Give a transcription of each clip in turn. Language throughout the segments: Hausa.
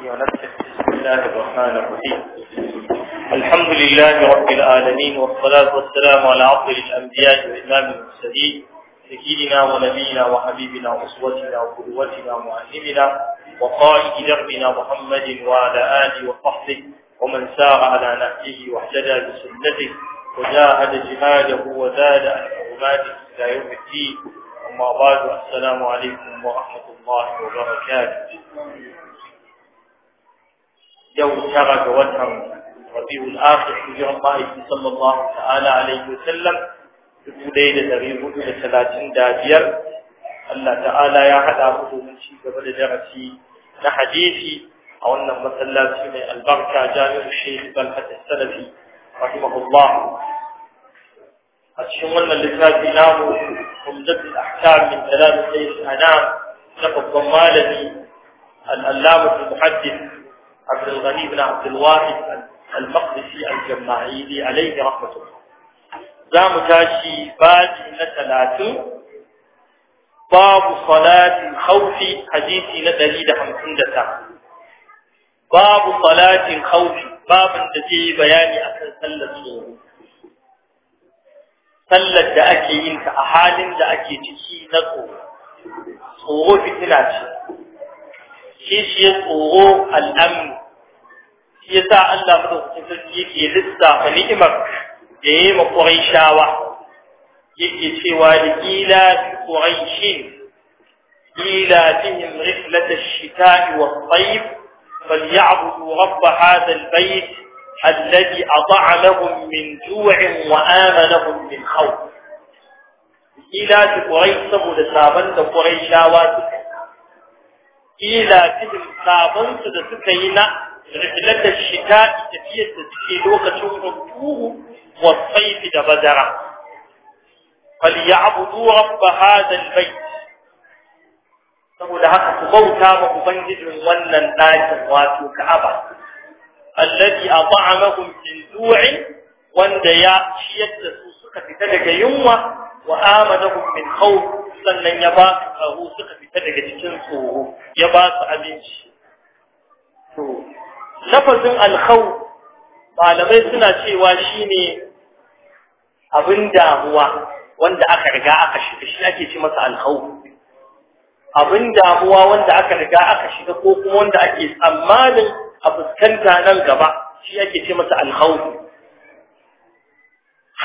بسم الله الرحمن الرحيم الحمد لله رب العالمين والصلاة والسلام على عبد الأنبياء وإمام المرسلين سيدنا ونبينا وحبيبنا وأسوتنا وقدوتنا ومعلمنا وقائد دربنا محمد وعلى آله وصحبه ومن سار على نهجه واهتدى بسنته وجاهد جهاده وزاد عن حرماته إلى يوم الدين أما بعد السلام عليكم ورحمة الله وبركاته يوم ترك وجه ربيع الآخر حجر الله صلى الله تعالى عليه وسلم ليلة إلى ثلاثين دابير الله تعالى يا حدا أخذ من شيء قبل درسي لحديثي أو أن مثلا من البركة جامع الشيخ بلحة السلفي رحمه الله اللي لكاتي نامو ومجد الأحكام من ثلاث ليس أنام لقد ضمالني الألامة المحدث عبد الغني بن عبد الواحد المقدسي الجماعيلي عليه رحمة الله زام تاشي باجي نتلاتو باب صلاة الخوف حديثي ندليل حمسندة باب صلاة الخوف باب تجي بياني أكل سلة صور sallar da ake yin ta a halin da ake ciki na tsoro tsoro fitina ce kishiyar tsoro al'amnu shi yasa Allah madaukakin sarki yake lissafa ni'imar da ya yi ma Qurayshawa yake cewa da ila bi Qurayshin ila bihim rihlat ash-shita'i wat-tayb falyabudu rabb hadha al-bayt الذي أطعمهم من جوع وآمنهم من خوف إلى قريش سبو لسابن قريشاوات ilatihim sabansu da suka yi na rihlatar shita tafiyar da suke lokacin hunturu wa saifi da bazara falyabudu ba hadha bai. saboda haka ku bauta ma ubangijin wannan ɗakin wato ka'aba alladhi at'amahum min du'in wanda ya ciyar da su suka fita daga yunwa wa amanahum min khawf sannan ya ba su tsaro suka fita daga cikin tsoro ya ba su abinci to lafazin alkhau malamai suna cewa shi ne abin damuwa wanda aka riga aka shiga shi ake ce masa alkhau. abin damuwa wanda aka riga aka shiga ko kuma wanda ake tsammanin a fuskanta nan gaba shi ake ce masa alkhau.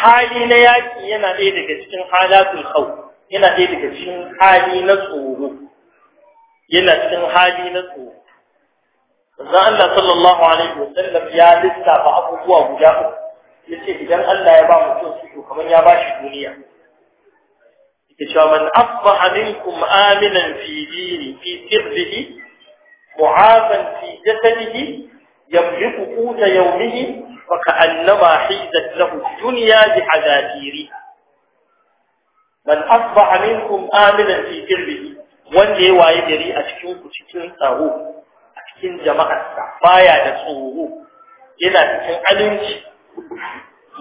hali na yaki yana ɗaya daga cikin halatul khawf yana ɗaya daga cikin hali na tsoro yana cikin hali na tsoro manzo Allah sallallahu alaihi ya lissafa abubuwa guda uku yace idan Allah ya ba mutum su to kamar ya ba shi duniya yake cewa man asbaha minkum aminan fi dini fi sirrihi mu'afan fi jasadihi yamliku quta yawmihi fa ka'annama hizat lahu dunya bi hadadiri man asbaha minkum aminan fi birrihi wanda ya waye gari a cikin ku cikin tsaro a cikin jama'arsa baya da tsoro yana cikin aminci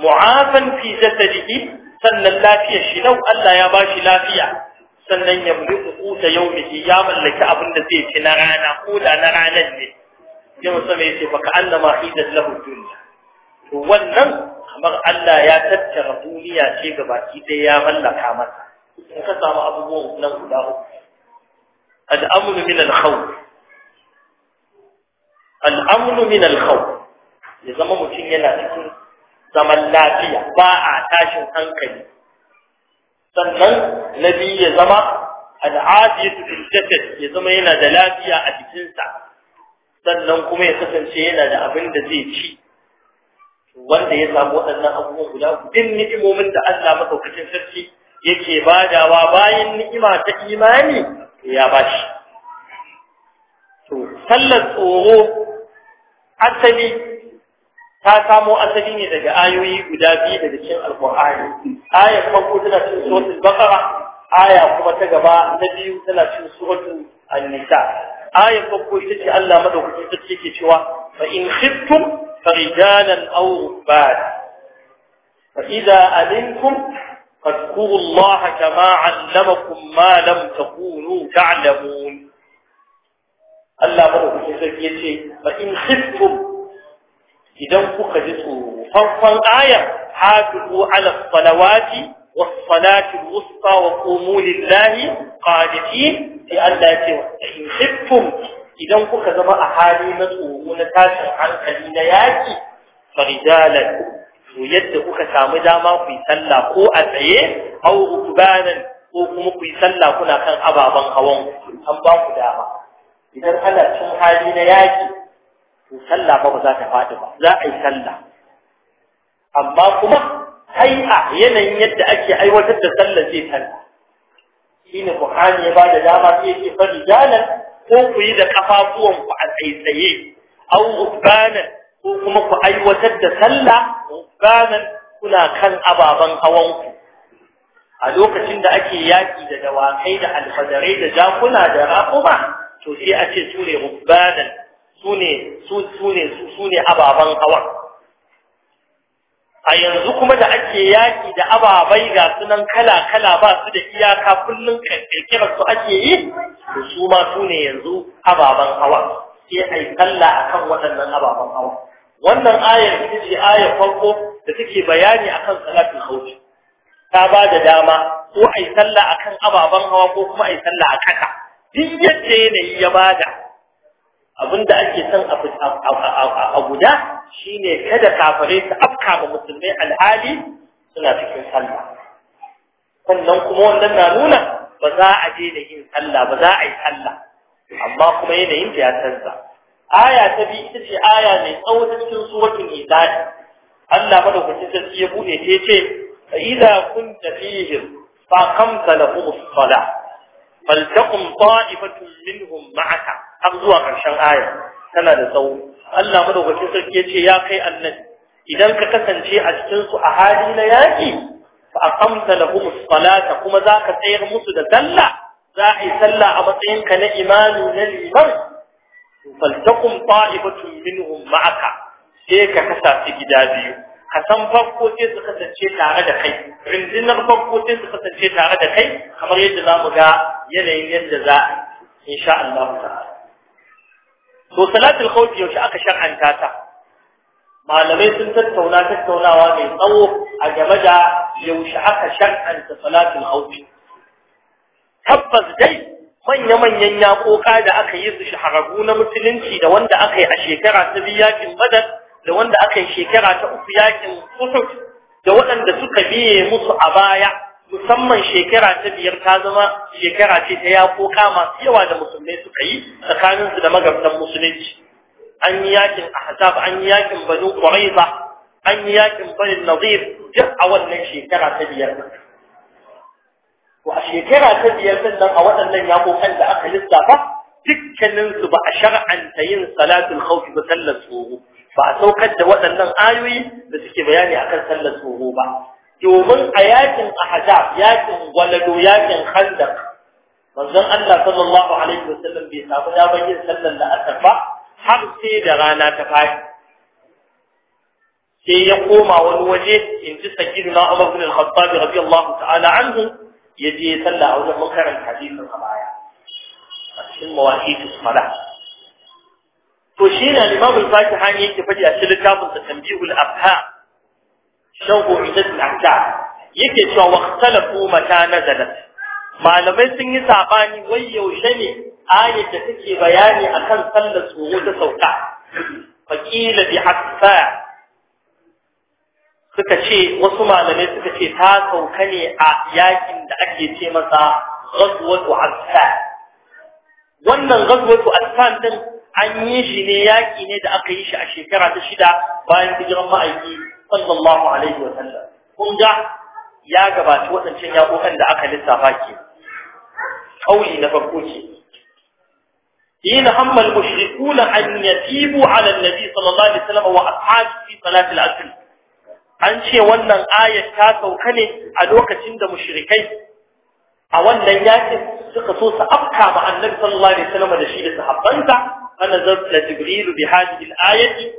mu'afan fi jasadihi sannan lafiyar shi nau Allah ya bashi lafiya sannan ya mulku ta yaumihi ya mallaki abin da zai ci na rana ko da na ranar ne yau sama ya ce baka annama hidat lahu dunya to wannan kamar Allah ya tattara duniya ce baki dai ya mallaka masa in ka samu abubuwan nan guda uku al'amru min al-khawf al'amru min al-khawf ya zama mutum yana cikin zaman lafiya ba a tashin hankali sannan na biyu ya zama al'adiyatu bil jasad ya zama yana da lafiya a jikinsa sannan kuma ya kasance yana da abin da zai ci wanda ya samu waɗannan abubuwan guda duk ni'imomin da Allah madaukakin sarki yake badawa bayan ni'ima ta imani ya bashi to sallar tsoro asali ta samo asali ne daga ayoyi guda biyu daga cikin alqur'ani ayar farko tana cikin suratul baqara aya kuma ta gaba na biyu tana cikin suratul an-nisa ayar farko ita ce Allah madaukakin sarki ke cewa fa in khiftum فرجالا او رباد فاذا علمتم فاذكروا الله كما علمكم ما لم تكونوا تعلمون الله بروحه يجي فان خفتم اذا فقدتوا فانفر الايه حافظوا على الصلوات والصلاة الوسطى وقوموا لله قادتين لأن لا تروا فإن خفتم idan kuka zama a hali na tsoro na tashin hankali na yaƙi, farijalan to yadda kuka samu dama ku yi sallah ko a tsaye au rukbanan ko kuma ku yi sallah kuna kan ababen hawan an ba ku dama idan ana cin hali na yaƙi, to sallah ba za ta faɗi ba za a yi sallah amma kuma a yanayin yadda ake aiwatar da sallah zai sallah shine Qur'ani ya da dama sai ya ce ko ku yi da kafafuwan ku a tsaitsaye au ubana ko kuma ku aiwatar da sallah ubana kuna kan ababan hawan ku a lokacin da ake yaki da dawakai da alfadarai da jakuna da raƙuma to sai a ce sune ubana sune su sune ababan hawan a yanzu kuma da ake yaƙi da ababai ga sunan kala-kala ba su da iyaka kullum kirkirar su ake yi to su ma su ne yanzu ababen hawa sai a yi kalla a kan waɗannan ababen hawa wannan ayar ita ce ayar farko da take bayani akan kan salatin hauci ta ba da dama ko a yi kalla a kan ababen hawa ko kuma a yi kalla a kaka duk yadda yanayi ya bada abinda ake son a guda shine kada kafare su afka ba musulmai alhali suna cikin sallah sannan kuma wannan na nuna ba za a je da yin sallah ba za a yi sallah amma kuma yanayin ta ya canza aya ta bi ita ce aya mai tsawo ta cikin suratul nisa'i Allah madaukakin sarki ya bude ta ce idza kunta fihim fa kamsa lahum as-salah فلتقم طائفة منهم معك har zuwa ƙarshen aya tana da tsawo Allah madaukakin sarki yace ya kai annabi idan ka kasance a cikin su a hali na yaki fa aqamta lahum salata kuma zaka tsayar musu da sallah za a yi sallah a matsayin ka na imani na liman faltakum ta'ifatun minhum ma'aka sai ka kasa gida biyu kasan farko sai su kasance tare da kai rindinar farko sai su kasance tare da kai kamar yadda za mu ga yanayin yadda za a insha Allah ta. to salatul khawf yaushe aka shar'anta ta malamai sun tattauna tattaunawa mai tsawo a game da yaushe aka shar'anta salatul khawf tabbas dai manya-manyan yaƙoƙa da aka yi su shahararru na musulunci da wanda aka yi a shekara ta yaƙin badar da wanda aka yi shekara ta uku yakin Uhud da waɗanda suka biye musu a baya musamman shekara ta biyar ta zama shekara ce ta yakoka masu yawa da musulmai suka yi tsakaninsu da magabtan musulunci an yi yakin ahzab an yi yakin banu an yi yakin bani nadir duk a wannan shekara ta biyar to a shekara ta biyar nan a waɗannan yakokan da aka lissafa dukkaninsu ba a shar'anta yin salatul khawfi ba sallar tsoro ba a saukar da waɗannan ayoyi da suke bayani akan sallar tsoro ba domin a yakin ahzab yakin gwalado yakin khandaq manzon Allah sallallahu alaihi wasallam bai samu damar yin sallar da asar ba har sai da rana ta fadi sai ya koma wani waje in ji na Umar bin Al-Khattab radiyallahu ta'ala anhu ya je sallah a wajen mun karanta hadisin a baya a cikin mawaqit salat to shi ne Imam al hanyar yake faɗi a cikin littafin sa Tanbihul Afha shawu idat al-Ahkam yake cewa waqtalafu ta nazarar. malamai sun yi sabani wai yaushe ne ayat da take bayani akan sallar tsoro ta sauka faqila bi hatta suka ce wasu malamai suka ce ta sauka ne a yakin da ake ce masa ghazwatu hatta wannan ghazwatu hatta din an yi shi ne yaƙi ne da aka yi shi a shekara ta shida bayan hijiran ma'aiki sallallahu alaihi wa sallam kun ga ya gabaci waɗancan yaƙoƙan da aka lissafa ke kauli na farko ce yin hammal mushrikuna an yatibu ala annabi sallallahu alaihi wa wasallam wa ashabi fi salatil asr an ce wannan ayat ta sauka ne a lokacin da mushrikai a wannan yakin suka so su afka ma annabi sallallahu alaihi wasallam da shi da sahabbansa فنزلت جبريل بهذه الآية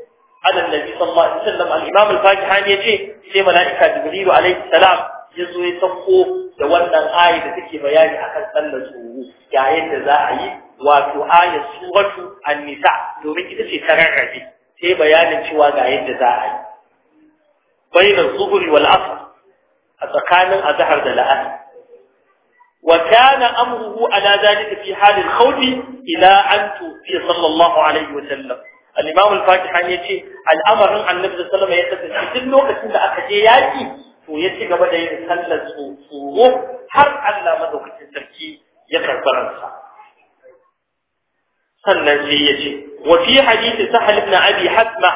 على النبي صلى الله عليه وسلم الإمام الفاكهاني يجي sai mala'ika jibrilu alaihi salam ya zo ya sauko da wannan ayi da take bayani akan tsallar tsoro yayin da za a yi wato ayat suratu an-nisa domin ita ce tararrabe sai bayanin cewa ga yadda za a yi bayin zuhri wa asr a tsakanin azahar da la'asr وكان أمره على ذلك في حال الخوف إلى أن توفي صلى الله عليه وسلم الإمام الفاتحة يتي الأمر عن النبي صلى الله عليه وسلم يتسل كل لوقت إن أخجياتي ويتي قبل يتسلل صوره حر ألا مدوك التركي يكبر أنسا sannan sai ya ce wa fi hadisi sahal ibn abi hasma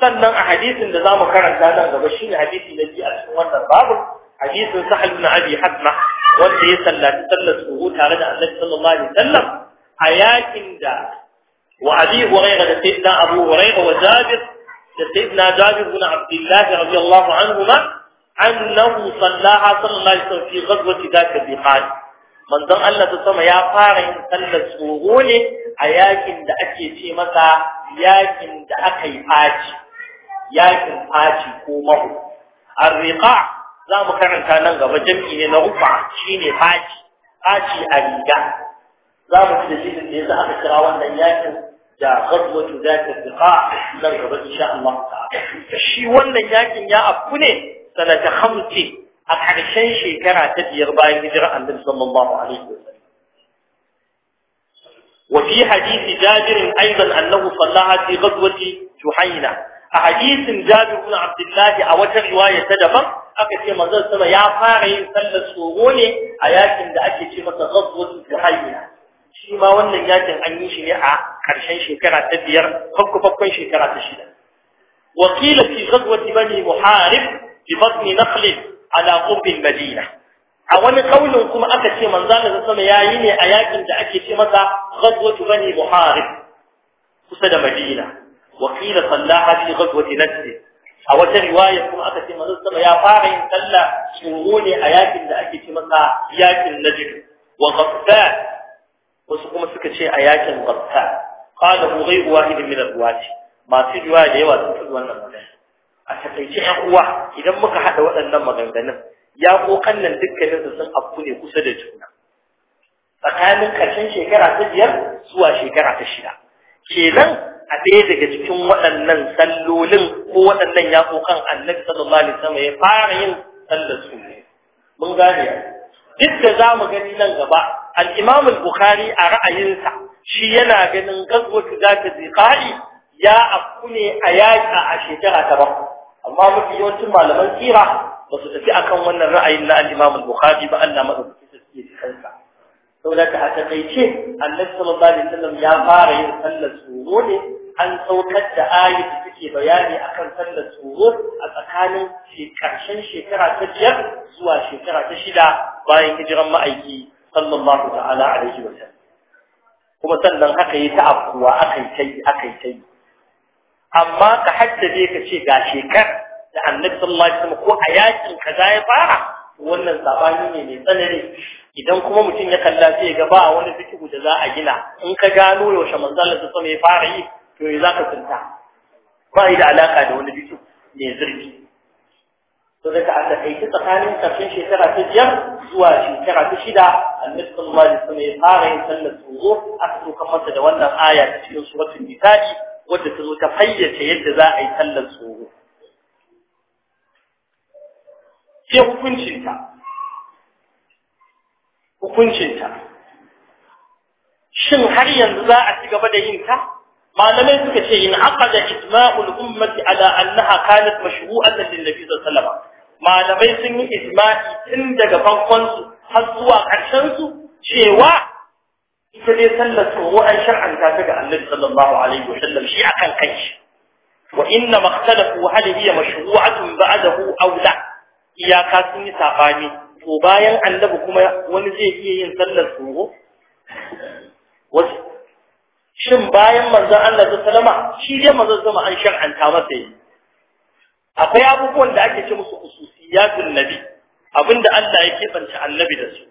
sannan a hadisin da zamu karanta nan gaba shine hadisi na biyu a cikin wannan babu hadisin sahal ibn abi hasma wanda ya sallaci sallar suhu tare da annabi sallallahu alaihi wasallam a yakin da wa abi hurairah da sayyidina abu hurairah wa jabir da sayyidina jabir ibn abdullah radiyallahu anhuma annahu sallaha sallallahu alaihi wasallam fi ghazwati dhaka biqad manzon Allah ta sama ya fara yin sallar suhu ne a yakin da ake ce masa yakin da aka yi faci yakin faci ko mahu arriqa za mu karanta nan gaba jam'i ne na rufa shine faci faci a riga za mu ci shi da yasa aka kira wannan yakin da ghazwatu da ta thiqa nan gaba insha Allah ta'ala shi wannan yakin ya afku ne sanata khamsi a harshen shekara ta biyar bayan hijira annabi sallallahu alaihi wasallam وفي حديث جابر أيضا أنه صلاها في غزوة جحينة حديث جابر بن عبد الله أو رواية دبر aka ce manzon sama ya fara yin sallar tsoro ne a yakin da ake ce masa ghazwatul kahina shi ma wannan yakin an yi shi ne a ƙarshen shekara ta biyar farko shekara ta shida وقيل في غزوة بني محارب ببطن نخل على قرب المدينة a wani kaunin kuma aka ce manzana sama ya yi ne a yakin da ake ce masa ghazwatu bani muharib kusa da madina wa qila sallaha fi ghazwati najd a wata riwaya kuma aka ce manzon sama ya fara yin sallah tsoro ne a yakin da ake ce masa yakin najd wa qatta wasu kuma suka ce a yakin qatta qala hu wahid min al ma masu riwaya da yawa sun fi wannan magana a takaice ƴan uwa idan muka hada waɗannan maganganun ya kokan nan dukkanin su sun afku ne kusa da juna tsakanin karshen shekara ta biyar zuwa shekara ta shida kenan a ɗaya daga cikin waɗannan sallolin ko waɗannan kan annabi sallallahu alaihi wasallam ya fara yin sallar su mun gane duk da za mu gani nan gaba al-imam al-bukhari a ra'ayinsa shi yana ganin ta zata ziqai ya afku ne a yaƙa a shekara ta ba amma mafi yawancin malaman tsira ba su tafi akan wannan ra'ayin na al-imam al-bukhari ba Allah madaukakin sarki ya kansa saboda a takaice annabi sallallahu alaihi wasallam ya fara yin sallar tsoro ne an saukar da ayi da suke bayani akan sallar tsoro a tsakanin karshen shekara ta biyar zuwa shekara ta shida bayan hijiran ma'aiki sallallahu ta'ala alaihi wasallam kuma sannan haka yi ta afkuwa aka yi tai aka yi amma ka haddace ka ce ga shekar da annabi sallallahu alaihi wasallam ko a yakin kaza ya fara wannan sabani ne mai tsanani idan kuma mutum ya kalla sai ga ba wani fikihu da za a gina in ka gano yaushe manzalar da sama ya fara yi to ya za ka tsinta ba yi da alaka da wani fikihu mai zurfi to daga a takaice tsakanin karshen shekara ta biyar zuwa shekara ta shida annabi sallallahu sama ya fara yin sallar tsoro aka so masa da wannan aya ta cikin suratul nisa'i wadda ta zo ta fayyace yadda za a yi sallar tsoro sai hukuncinta hukuncinta shin har yanzu za a ci gaba da yin ta malamai suka ce in aqada ijma'ul ummati ala annaha kanat mashru'atan lin nabi sallallahu alaihi wasallam malamai sun yi isma'i tun daga farkon su har zuwa ƙarshen su cewa ita ne sallar tsoro an shar'anta ta ga annabi sallallahu alaihi wasallam shi akan kai. wa inna makhtalafu hal hiya mashru'atun ba'dahu aw la iyaka sun yi sabani to bayan annabi kuma wani zai iya yin sallar tsoro shin bayan manzon Allah ta salama shi dai manzon zama an shar'anta masa yi akwai abubuwan da ake ce musu ususiyatun nabi abinda Allah ya kebanta annabi da su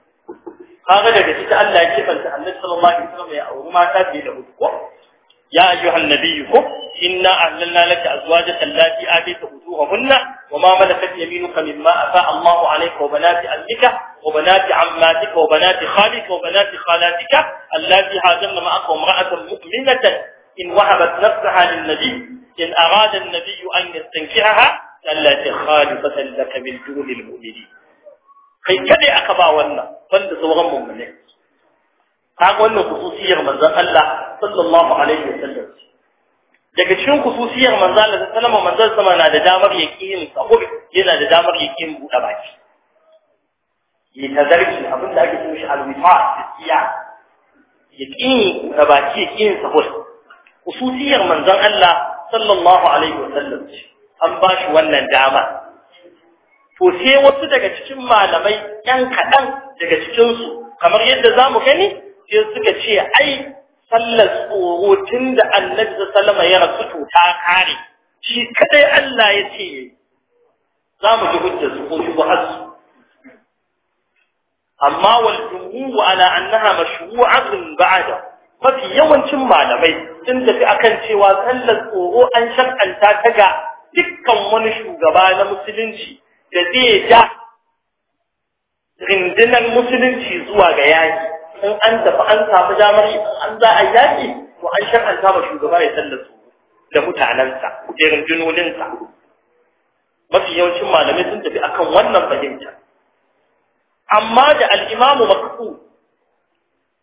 kaga daga cikin Allah ya kebanta annabi sallallahu alaihi wasallam ya auri mata fiye da mutuwa? يا أيها النبي خب إنا أهللنا لك أزواجك التي آتيت أجورهن وما ملكت يمينك مما أفاء الله عليك وبنات أهلك وبنات عماتك وبنات خالك وبنات خالاتك التي هاجرن معك امرأة مؤمنة إن وهبت نفسها للنبي إن أراد النبي أن يستنكرها التي خالصة لك من دون المؤمنين kai kadai aka ba wannan banda sauran kaga wannan kususiyar manzon Allah sallallahu alaihi wasallam daga cikin kususiyar manzon Allah sallallahu alaihi manzon sama na da damar yakin sahur yana da damar yakin buɗe baki yi tazarki abin da ake cewa shi al-wifa tsiya yakin buɗe baki yakin sahur kususiyar manzon Allah sallallahu alaihi wasallam an ba shi wannan dama to sai wasu daga cikin malamai 'yan kaɗan daga cikinsu kamar yadda za mu gani sai suka ce ai sallar tsoro tunda da annabi sallama ya rasu to ta kare shi kadai Allah ya ce za mu ji hujjar su ko amma wal jumu'u ala annaha mashru'atun ba'da mafi yawancin malamai sun tafi akan cewa sallar tsoro an shakanta ta ga dukkan wani shugaba na musulunci da zai ja rindinan musulunci zuwa ga yaki in an tafi an samu damar an za a yaki to an shar'anta ma shugaba ya sallar su da mutanensa da rundunoninsa mafi yawancin malamai sun tafi akan wannan fahimta amma da Alimamu imamu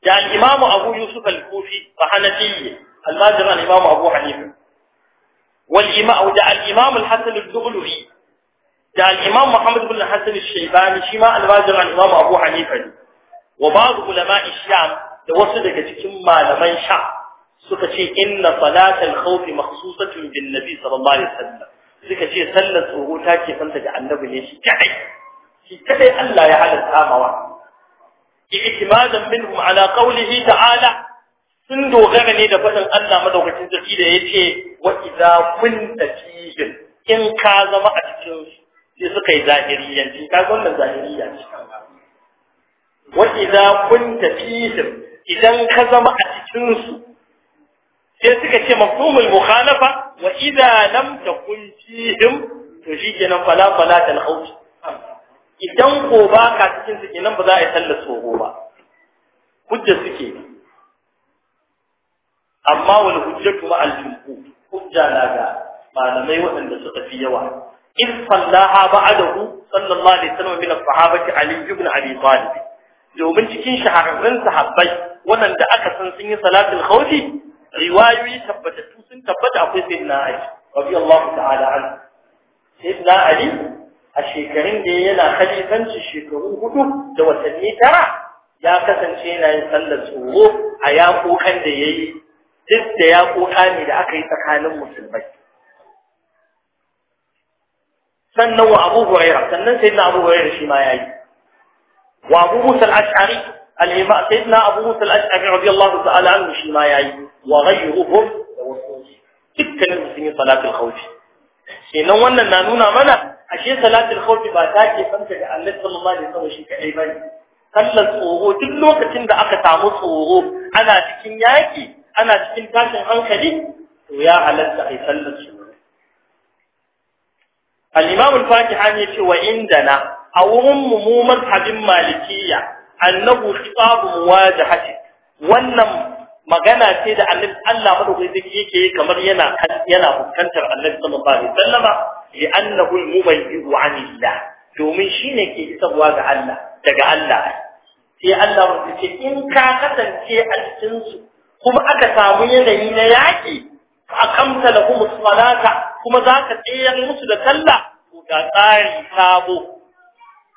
da Alimamu imamu abu yusuf al-kufi fa hanafiyyi al-majid al-imamu abu hanifa wal imamu da al al-hasan al-dhuhli da Alimamu imamu muhammad ibn al-hasan al-shaybani shi ma al-majid al abu hanifa wa ba'd ulama'i sham da wasu daga cikin malaman sha, suka ce inna salatal khawf makhsusatun bin nabi sallallahu alaihi wasallam suka ce sallar tsoro ta ke fanta da annabi ne shi kadai shi kadai Allah ya halatta mawa i'timadan minhum ala qawlihi ta'ala sun dogara ne da faɗin Allah madaukakin sarki da yace wa idza kunta fihim in ka zama a cikin sai suka yi zahiriyanci ka ga wannan zahiriya ce wa idza kunta fihim idan ka zama a cikin su sai suka ce mafhumul mukhalafa wa idza lam takun fihim to shi kenan fala fala tal khawf idan ko ba ka cikin su kenan ba za a yi sallar tsoho ba hujja suke amma wal hujjatu ma al jumhur hujja na ga malamai waɗanda suka fi yawa in sallaha ba'adahu sallallahu alaihi wasallam min as-sahabati ali ibn abi talib domin cikin shahararrun sahabbai waɗanda aka san sun yi salatul khawfi riwayoyi tabbatattu sun tabbata akwai sayyidina Ali radiyallahu ta'ala anhu sayyidina Ali a shekarun da yana khalifanci shekaru hudu da watanni tara ya kasance yana yin sallar tsoro a yakokan da ya yi duk da yakoka ne da aka yi tsakanin musulmai sannan wa abu huraira sannan sai na abu huraira shi ma ya yi وابو موسى الاشعري الامام سيدنا ابو موسى الاشعري رضي الله تعالى عنه شي ما yayi wa ghayruhum dukkan musulmi salatul khawf kenan wannan na nuna mana ashe salatul khawf ba ta ke fanta da Allah sallallahu alaihi wasallam shi kadai bane sallar tsoro duk lokacin da aka samu tsoro ana cikin yaki ana cikin tashin hankali to ya halatta ai sallar tsoro al-imam al-fatihani ce wa indana a wurin mu mazhabin malikiya annahu waje muwajahati wannan magana ce da annabi Allah madaukaki yake kamar yana yana fuskantar annabi sallallahu alaihi wasallama li annahu al-mubayyi'u anillah domin shine ke isarwa ga Allah daga Allah sai Allah ya ce in ka kasance a cikin su kuma aka samu yanayi na yaki akamta lahum salata kuma zaka tsayar musu da sallah ga tsari sabo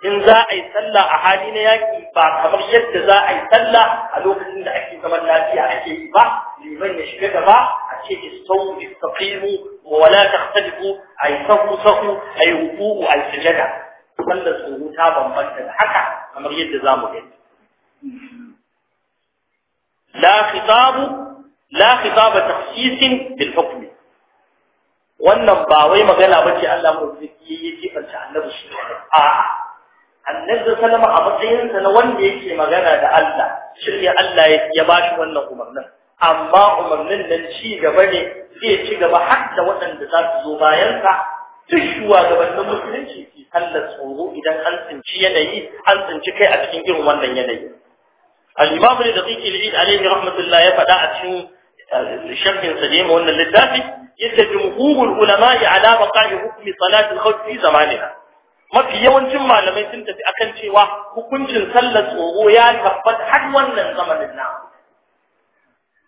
in za a yi sallah a hali na yaƙi ba kamar yadda za a yi sallah a lokacin da ake zaman lafiya ake yi ba liman ya shiga gaba a ce istau istaqimu wa wala tahtalifu ay sahu sahu ay ruku'u ay sujada sallar tsoro ta bambanta da haka kamar yadda za mu gani la khitab la khitab takhsis bil hukm wannan ba wai magana bace Allah mu zaki yake fanta annabi shi a'a annabi sallama a matsayinsa na wanda yake magana da Allah shirya Allah ya ba shi wannan umarnin amma umarnin nan ci gaba ne zai ci gaba har da waɗanda za su zo bayansa duk shugabannin musulunci ke sallar tsoro idan an tsinci yanayi an tsinci kai a cikin irin wannan yanayi al-imam da daqiq al-eid alayhi rahmatullah ya faɗa a cikin eh, shafin sa ne wannan littafi yace jumhurul ulama'i ala baqa'i hukmi salat al-khawf fi zamanina mafi yawancin malamai sun tafi akan cewa hukuncin sallar tsoro ya tabbata har wannan zamanin na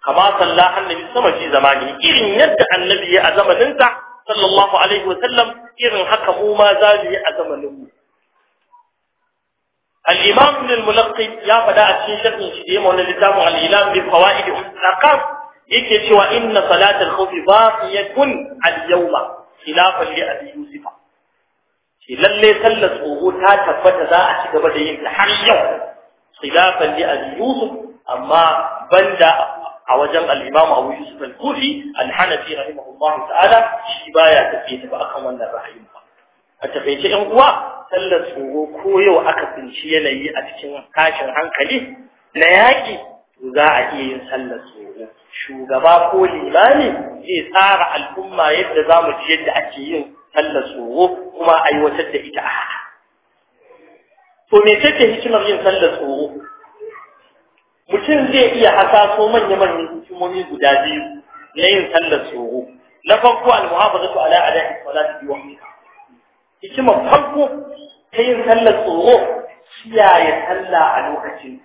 kama sallah annabi sama shi zamani irin yadda annabi ya a zamaninsa sallallahu alaihi wa sallam irin haka mu ma za mu yi a zamaninmu al-imam ibn al-mulaqqi ya fada a cikin sharhin shi da wannan littafin al-ilam bi fawaid al-aqab yake cewa inna salat al-khawf baqiyatun al-yawma khilafan li abi yusufa ce lalle sallar tsoho ta tabbata za a ci gaba da yin ta har yau khilafan li abi yusuf amma banda a wajen al-imam abu yusuf al-kufi al-hanafi rahimahullahu ta'ala shi baya tafiye ba akan wannan ra'ayin ba a tafaice yan uwa sallar tsoro ko yau aka tsinci yanayi a cikin tashin hankali na yaƙi za a iya yin sallar tsoro shugaba ko limami zai tsara al'umma yadda za mu ji yadda ake yin sallar tsoro kuma aiwatar da ita a haka to me ce ce hikimar yin sallar tsoro mutum zai iya hasaso manya-manyan hikimomi guda biyu na yin sallar tsoro na farko al-muhafazatu ala alaihi salatu wa hikimar farko ta yin sallar tsoro kiyaye sallah a lokacin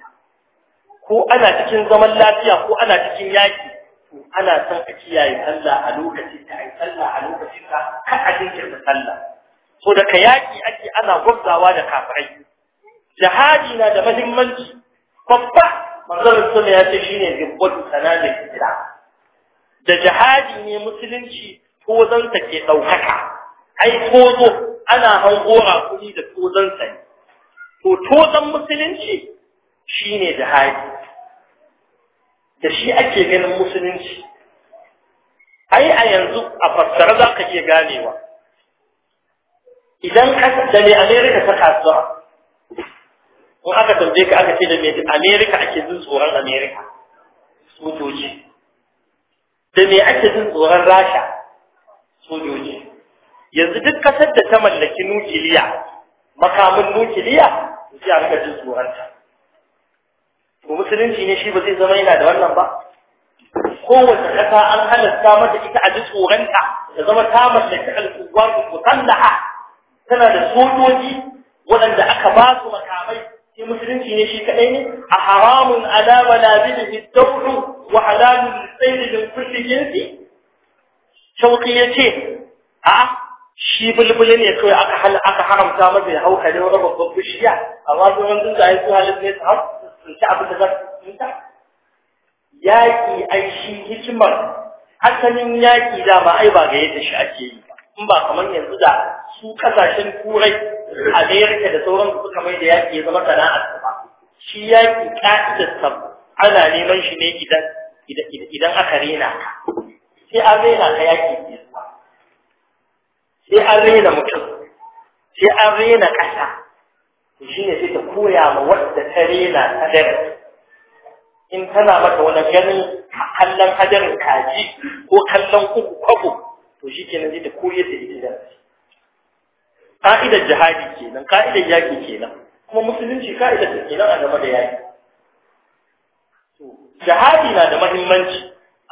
ko ana cikin zaman lafiya ko ana cikin yaki ana son a kiyaye sallah a lokacin da ai sallah a lokacin da ka a jinkirta sallah so da yaki ake ana gwabzawa da kafirai jihadi na da muhimmanci babba manzon sunna ya ce shine zibbatu da kira da jihadi ne musulunci zan sa ke daukaka ai tozo ana hankora kuɗi da tozon sa to tozon musulunci shine jihadi da shi ake ganin musulunci ai a yanzu a fassara za ka iya ganewa idan da mai amerika ta kasuwa in aka tambaye ka aka ce da mai amerika ake jin tsoron amerika sojoji da mai ake jin tsoron rasha sojoji yanzu duk kasar da ta mallaki nukiliya makamin nukiliya sai aka jin tsoronta to musulunci ne shi ba zai zama yana da wannan ba kowace ƙasa an halatta mata ita a ji tsoronta da zama ta mallaki ku musallaha tana da sojoji waɗanda aka ba su makamai sai musulunci ne shi kaɗai ne a haramun alama na bidihi dauru wa halalun tsayi min kulli jinsi shauƙi ya ce a shi bulbuli ne kawai aka haramta masa ya hau kare wani babban bishiya amma zuwan da ya zuwa halittar ne ta hau ita ta abin da za su ta yaƙi ai shi hikimar asalin yaƙi da ba ai ba ga yadda shi ake yi ba. in ba kamar yanzu da su kasashen turai amerika da sauran su suka mai da yaƙi ya zama sana'ar ba shi yaƙi ƙa'idar sa ana neman shi ne idan idan aka rena ka sai an rena ka yaƙi ne sai an rena mutum sai an rena ƙasa shi ne sai ta koya ma wadda ta rena hadarin in tana mata wani ganin kallon hadarin kaji ko kallon kuku kwaku to shi kenan zai ta koyar da ita da ka'idar jihadi kenan ka'idar yaƙi kenan kuma musulunci ka'idar ke kenan a game da yaƙi jihadi na da mahimmanci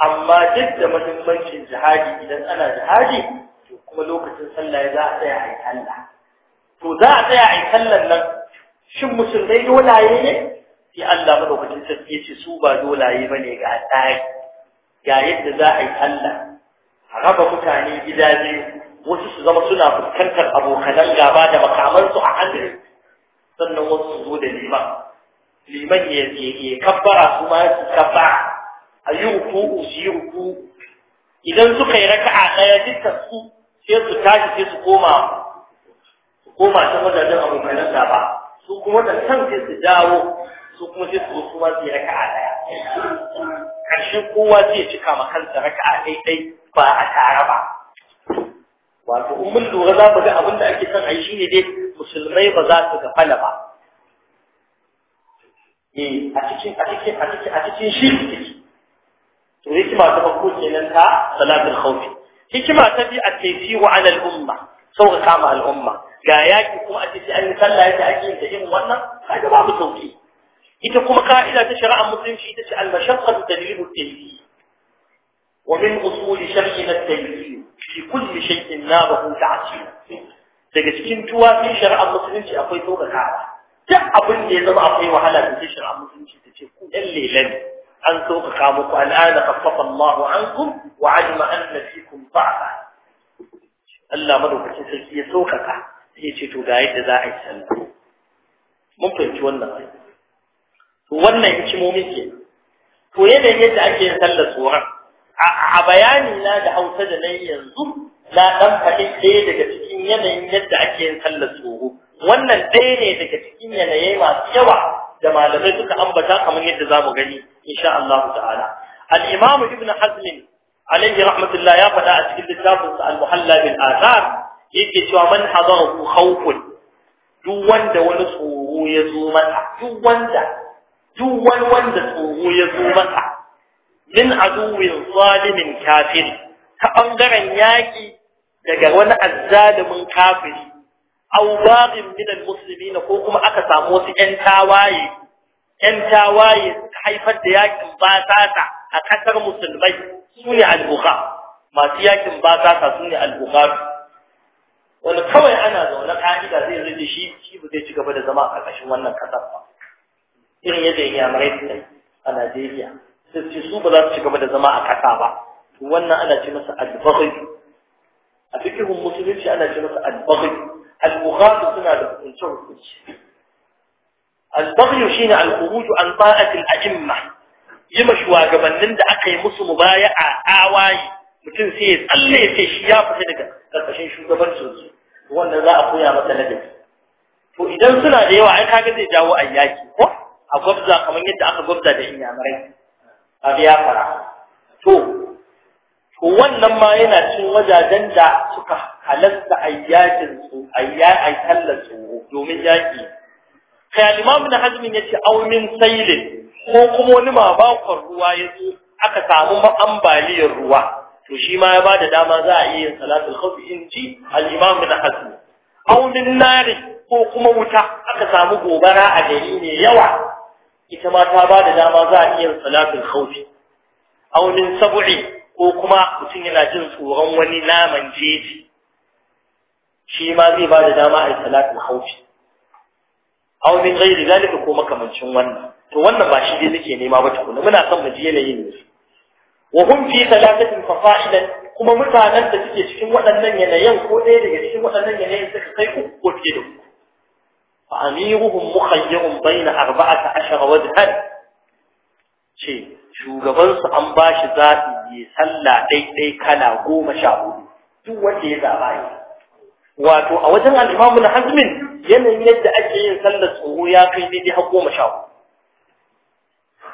amma duk da mahimmancin jihadi idan ana jihadi to kuma lokacin sallah ya za a tsaya a yi sallah to za a tsaya a yi sallan nan shin musulmai dolaye ne sai Allah madaukakin sarki ya ce su ba dolaye bane ga tsari ga yadda za a yi Allah a raba mutane gida biyu wasu su zama suna fuskantar abokanan gaba da makamansu a hannun sannan wasu su zo da liman liman ya ya kabbara su ma su kabbara a yi ruku'u su yi ruku'u idan suka yi raka'a ɗaya dukkan su sai su tashi sai su koma su koma ta wajajen abokanan gaba kuma da san sai su dawo su kuma sai su su ma su yi raka'a daya karshen kowa zai cika ma kansa raka'a dai dai ba a tare ba wato in mun lura za mu ga abin da ake son a yi shine dai musulmai ba za su gafala ba eh a cikin a cikin a cikin a cikin shi to hikima ta farko kenan ta salatul khawfi hikima ta bi at-tayfi wa 'ala al-umma sauka kama al-umma ga yaki kuma a cikin an sallah yake ake yin da yin wannan kaga babu sauki ita kuma ka'ida ta shari'ar musulunci ita ce al-mashaqqatu dalilu at-tayyib wa min usul shar'ina at-tayyib fi kulli shay'in nabahu ta'til daga cikin tuwafin shari'ar musulunci akwai tsokakawa duk abin da ya zama akwai wahala da shari'ar musulunci ta ce ku ɗan lelan an tsokaka muku al'ada kaffafa Allahu ankum wa alima anna fikum ba'da Allah madaukakin sarki ya tsokaka sai ce to ga yadda za a yi sallah mun fahimci wannan to wannan hikimomi ke to yadda ake yin sallar tsoron a bayani na da hausa da nan yanzu na ɗan faɗi ɗaya daga cikin yanayin yadda ake yin sallar tsoro wannan ɗaya ne daga cikin yanayi masu yawa da malamai suka ambata kamar yadda za mu gani insha Allah ta'ala al-imamu ibn hazm alaihi rahmatullah ya faɗa a cikin littafinsa al-muhalla bil azhar yake cewa man hadarahu khawfun duk wanda wani tsoro ya zo masa duk wanda duk wani wanda tsoro ya zo masa min aduwin zalimin kafiri ta bangaren yaki daga wani azzalimin kafiri aw baqin min almuslimin ko kuma aka samu wasu 'yan tawaye ƴan tawaye haifar da yakin basata a kasar musulmai sune al masu yakin basata sune al wani kawai ana zaune ka'ida zai zai shi shi ba zai ci gaba da zama a ƙarƙashin wannan ƙasar ba irin yadda ya yamurai su a Najeriya su ce su ba za su ci gaba da zama a ƙasa ba wannan ana ce masa al-baghi a fikihun musulunci ana ce masa al-baghi suna da hukunce hukunci al-baghi shine al-khuruj an ta'ati al-a'imma yi ma shugabannin da aka yi musu mubaya'a Awaye, mutum sai ya tsalle ya ce shi ya fita daga ƙarƙashin shugabancinsu. wannan za a koya masa ladabi to idan suna da yawa ai kaga zai jawo ayyaki ko a gwabza kamar yadda aka gwabza da inyamarai a fara to to wannan ma yana cin wajajen da suka halasta ayyakin su ayyai sallar su domin yaki kai al-imam ibn hazm yace aw sailin ko kuma wani mabakon ruwa yazo aka samu ambaliyar ruwa to shi ma ya bada dama za a iya yin salatul khawf in ji al-imam bin hasan aw min nari ko kuma wuta aka samu gobara a gari ne yawa ita ma ta bada dama za a iya yin salatul khawf aw min sab'i ko kuma mutum yana jin tsoron wani naman jeji shi ma zai bada dama a yi salatul khawf aw min ghairi zalika ko makamancin wannan to wannan ba shi dai nake nema ba tukuna muna son mu ji yanayin ne wa hum fi thalathatin fasa'ilan kuma mutanen da suke cikin waɗannan yanayin ko ɗaya daga cikin waɗannan yanayin suka kai uku ko fiye da uku fa amiruhum mukhayyarun bayna arba'ata ashara wajhan ce shugaban su an bashi zaɓi ya sallah ɗaiɗai kala goma sha hudu duk wanda ya zaɓa ya wato a wajen al-imamu hazmin yanayin yadda ake yin sallar tsoro ya kai daidai har goma sha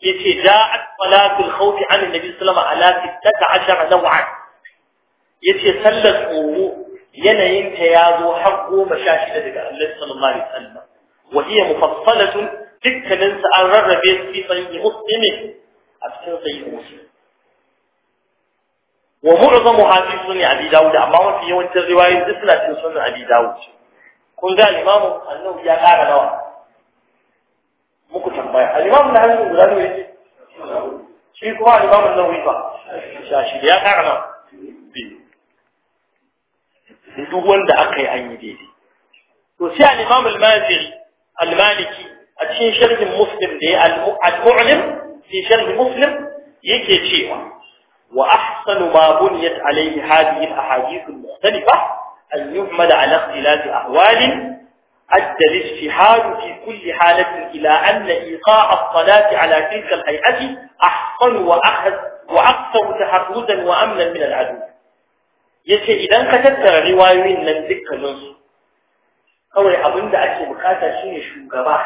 yace ja'at salatul khawfi an annabi sallallahu alaihi wasallam ala 16 naw'an yace sallar tsoro yanayin ta yazo har 16 daga Allah sallallahu alaihi wasallam wa hiya mufassalatun dukkanin sa an rarrabe su fi sahih muslim a cikin sahih muslim wa mu'zamu hadith sunan abi dawud amma mafi yawancin riwayoyi suna cikin sunan abi dawud kun ga imamu annabi ya kara nawa muku tambaya al-imam an guda ne yake shi kuma ba shi da ya kara nan bi duk wanda aka yi an yi daidai to sai al al-maziri al-maliki a cikin sharhin muslim da ya al-mu'allim fi sharhin muslim yake cewa وأحسن ما بنيت عليه هذه الأحاديث المختلفة أن يعمل على اختلاف أحوال أدى الاجتهاد في كل حالة إلى أن إيقاع الصلاة على تلك الهيئة أحسن وأخذ وأكثر تحرزا وأمنا من العدو يتي إذا كتبت روايين من ذكر نص قولي أظن أكي مخاتا شين شوقبا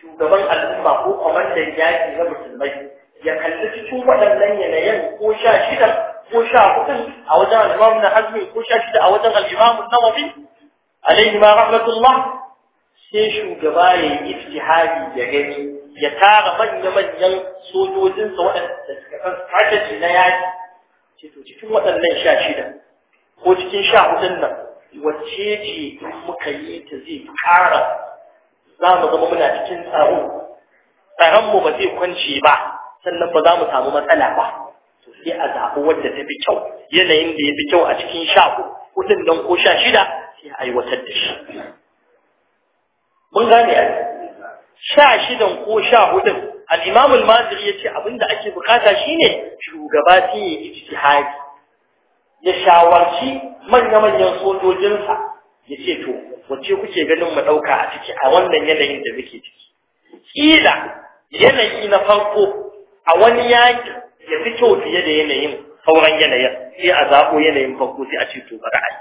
شوقبا الأمة هو قمان تجاهد نبس المجل يكلت شوقا لن ينين قوشا شدا قوشا قتل أودا الإمام نحزمي قوشا شدا أودا الإمام النوفي عليهما رحمة الله sai shugaba ya yi ijtihadi ya gani ya tara manya-manyan sojojinsa waɗanda suka san strategy na yaki ce to cikin waɗannan sha shida ko cikin sha hudun nan wacce ce muka yi ta zai ƙara za mu zama muna cikin tsaro tsaronmu ba zai kwance ba sannan ba za mu samu matsala ba to sai a zaɓi wadda ta fi kyau yanayin da ya fi kyau a cikin sha hudun nan ko sha shida sai a aiwatar da shi mun gane ne sha shidan ko sha hudun al-imam al-maziri yace abinda ake bukata shine shugaba ta yi ijtihadi ya shawarci manya-manyan sojojinsa ya ce to wace kuke ganin mu dauka a ciki a wannan yanayin da muke ciki kila yanayi na farko a wani yaki ya fi kyau fiye da yanayin sauran yanayin sai a zaɓo yanayin farko sai a ce to bari ai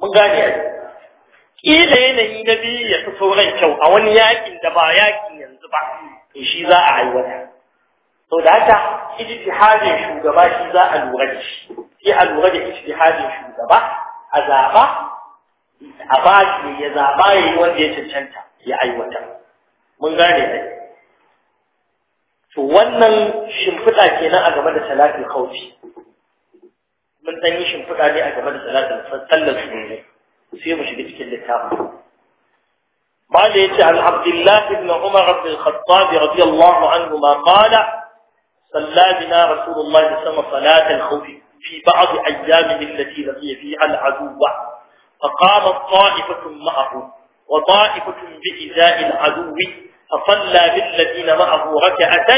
mun gane kila yanayi na biyu ya fi sauran kyau a wani yakin da ba yakin yanzu ba to shi za a aiwata to da haka ijtihadin shugaba shi za a lura da shi sai a lura da ijtihadin shugaba a zaba a ba shi ya zaba yi wanda ya cancanta ya aiwata mun gane ne to wannan shimfiɗa kenan a game da salatul khawfi mun san yi shimfiɗa ne a game da salatul sallar sunni sai mu shiga cikin littafin mala yace an abdullah بن umar ibn al-khattab radiyallahu anhu صلى بنا رسول الله صلى الله عليه وسلم صلاة الخوف في بعض أيامه التي لقي فيها العدو فقامت طائفة معه وطائفة بإزاء العدو فصلى بالذين معه ركعة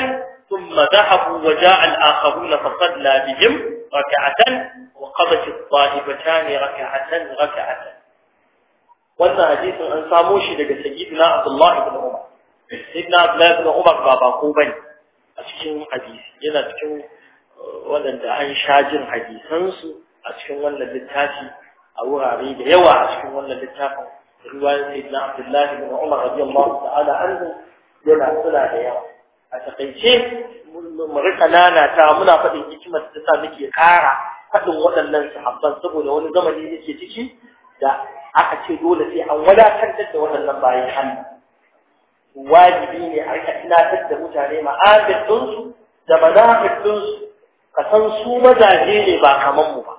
ثم ذهبوا وجاء الآخرون فصلى بهم ركعة وقضت الطائفتان ركعة ركعة wannan hadisin an samo shi daga sayyidina Abdullahi ibn Umar sayyidina Abdullahi ibn Umar ba ba ko bane a cikin hadisi yana cikin uh, waɗanda an sha jin hadisansu a cikin wannan littafi a wurare da yawa a cikin wannan littafin riwayar sayyidina Abdullahi ibn Umar radiyallahu ta'ala anhu yana suna da yawa a takaice mu rika ta, muna faɗin hikimar ta ta muke ƙara faɗin waɗannan sahabban saboda wani zamani yake ciki da aka ce dole sai an wadatar da waɗannan bayan hannu. wajibi ne a rika tunatar da mutane ma'azaddinsu da manafiddinsu ka san su mazaje ne ba kaman mu ba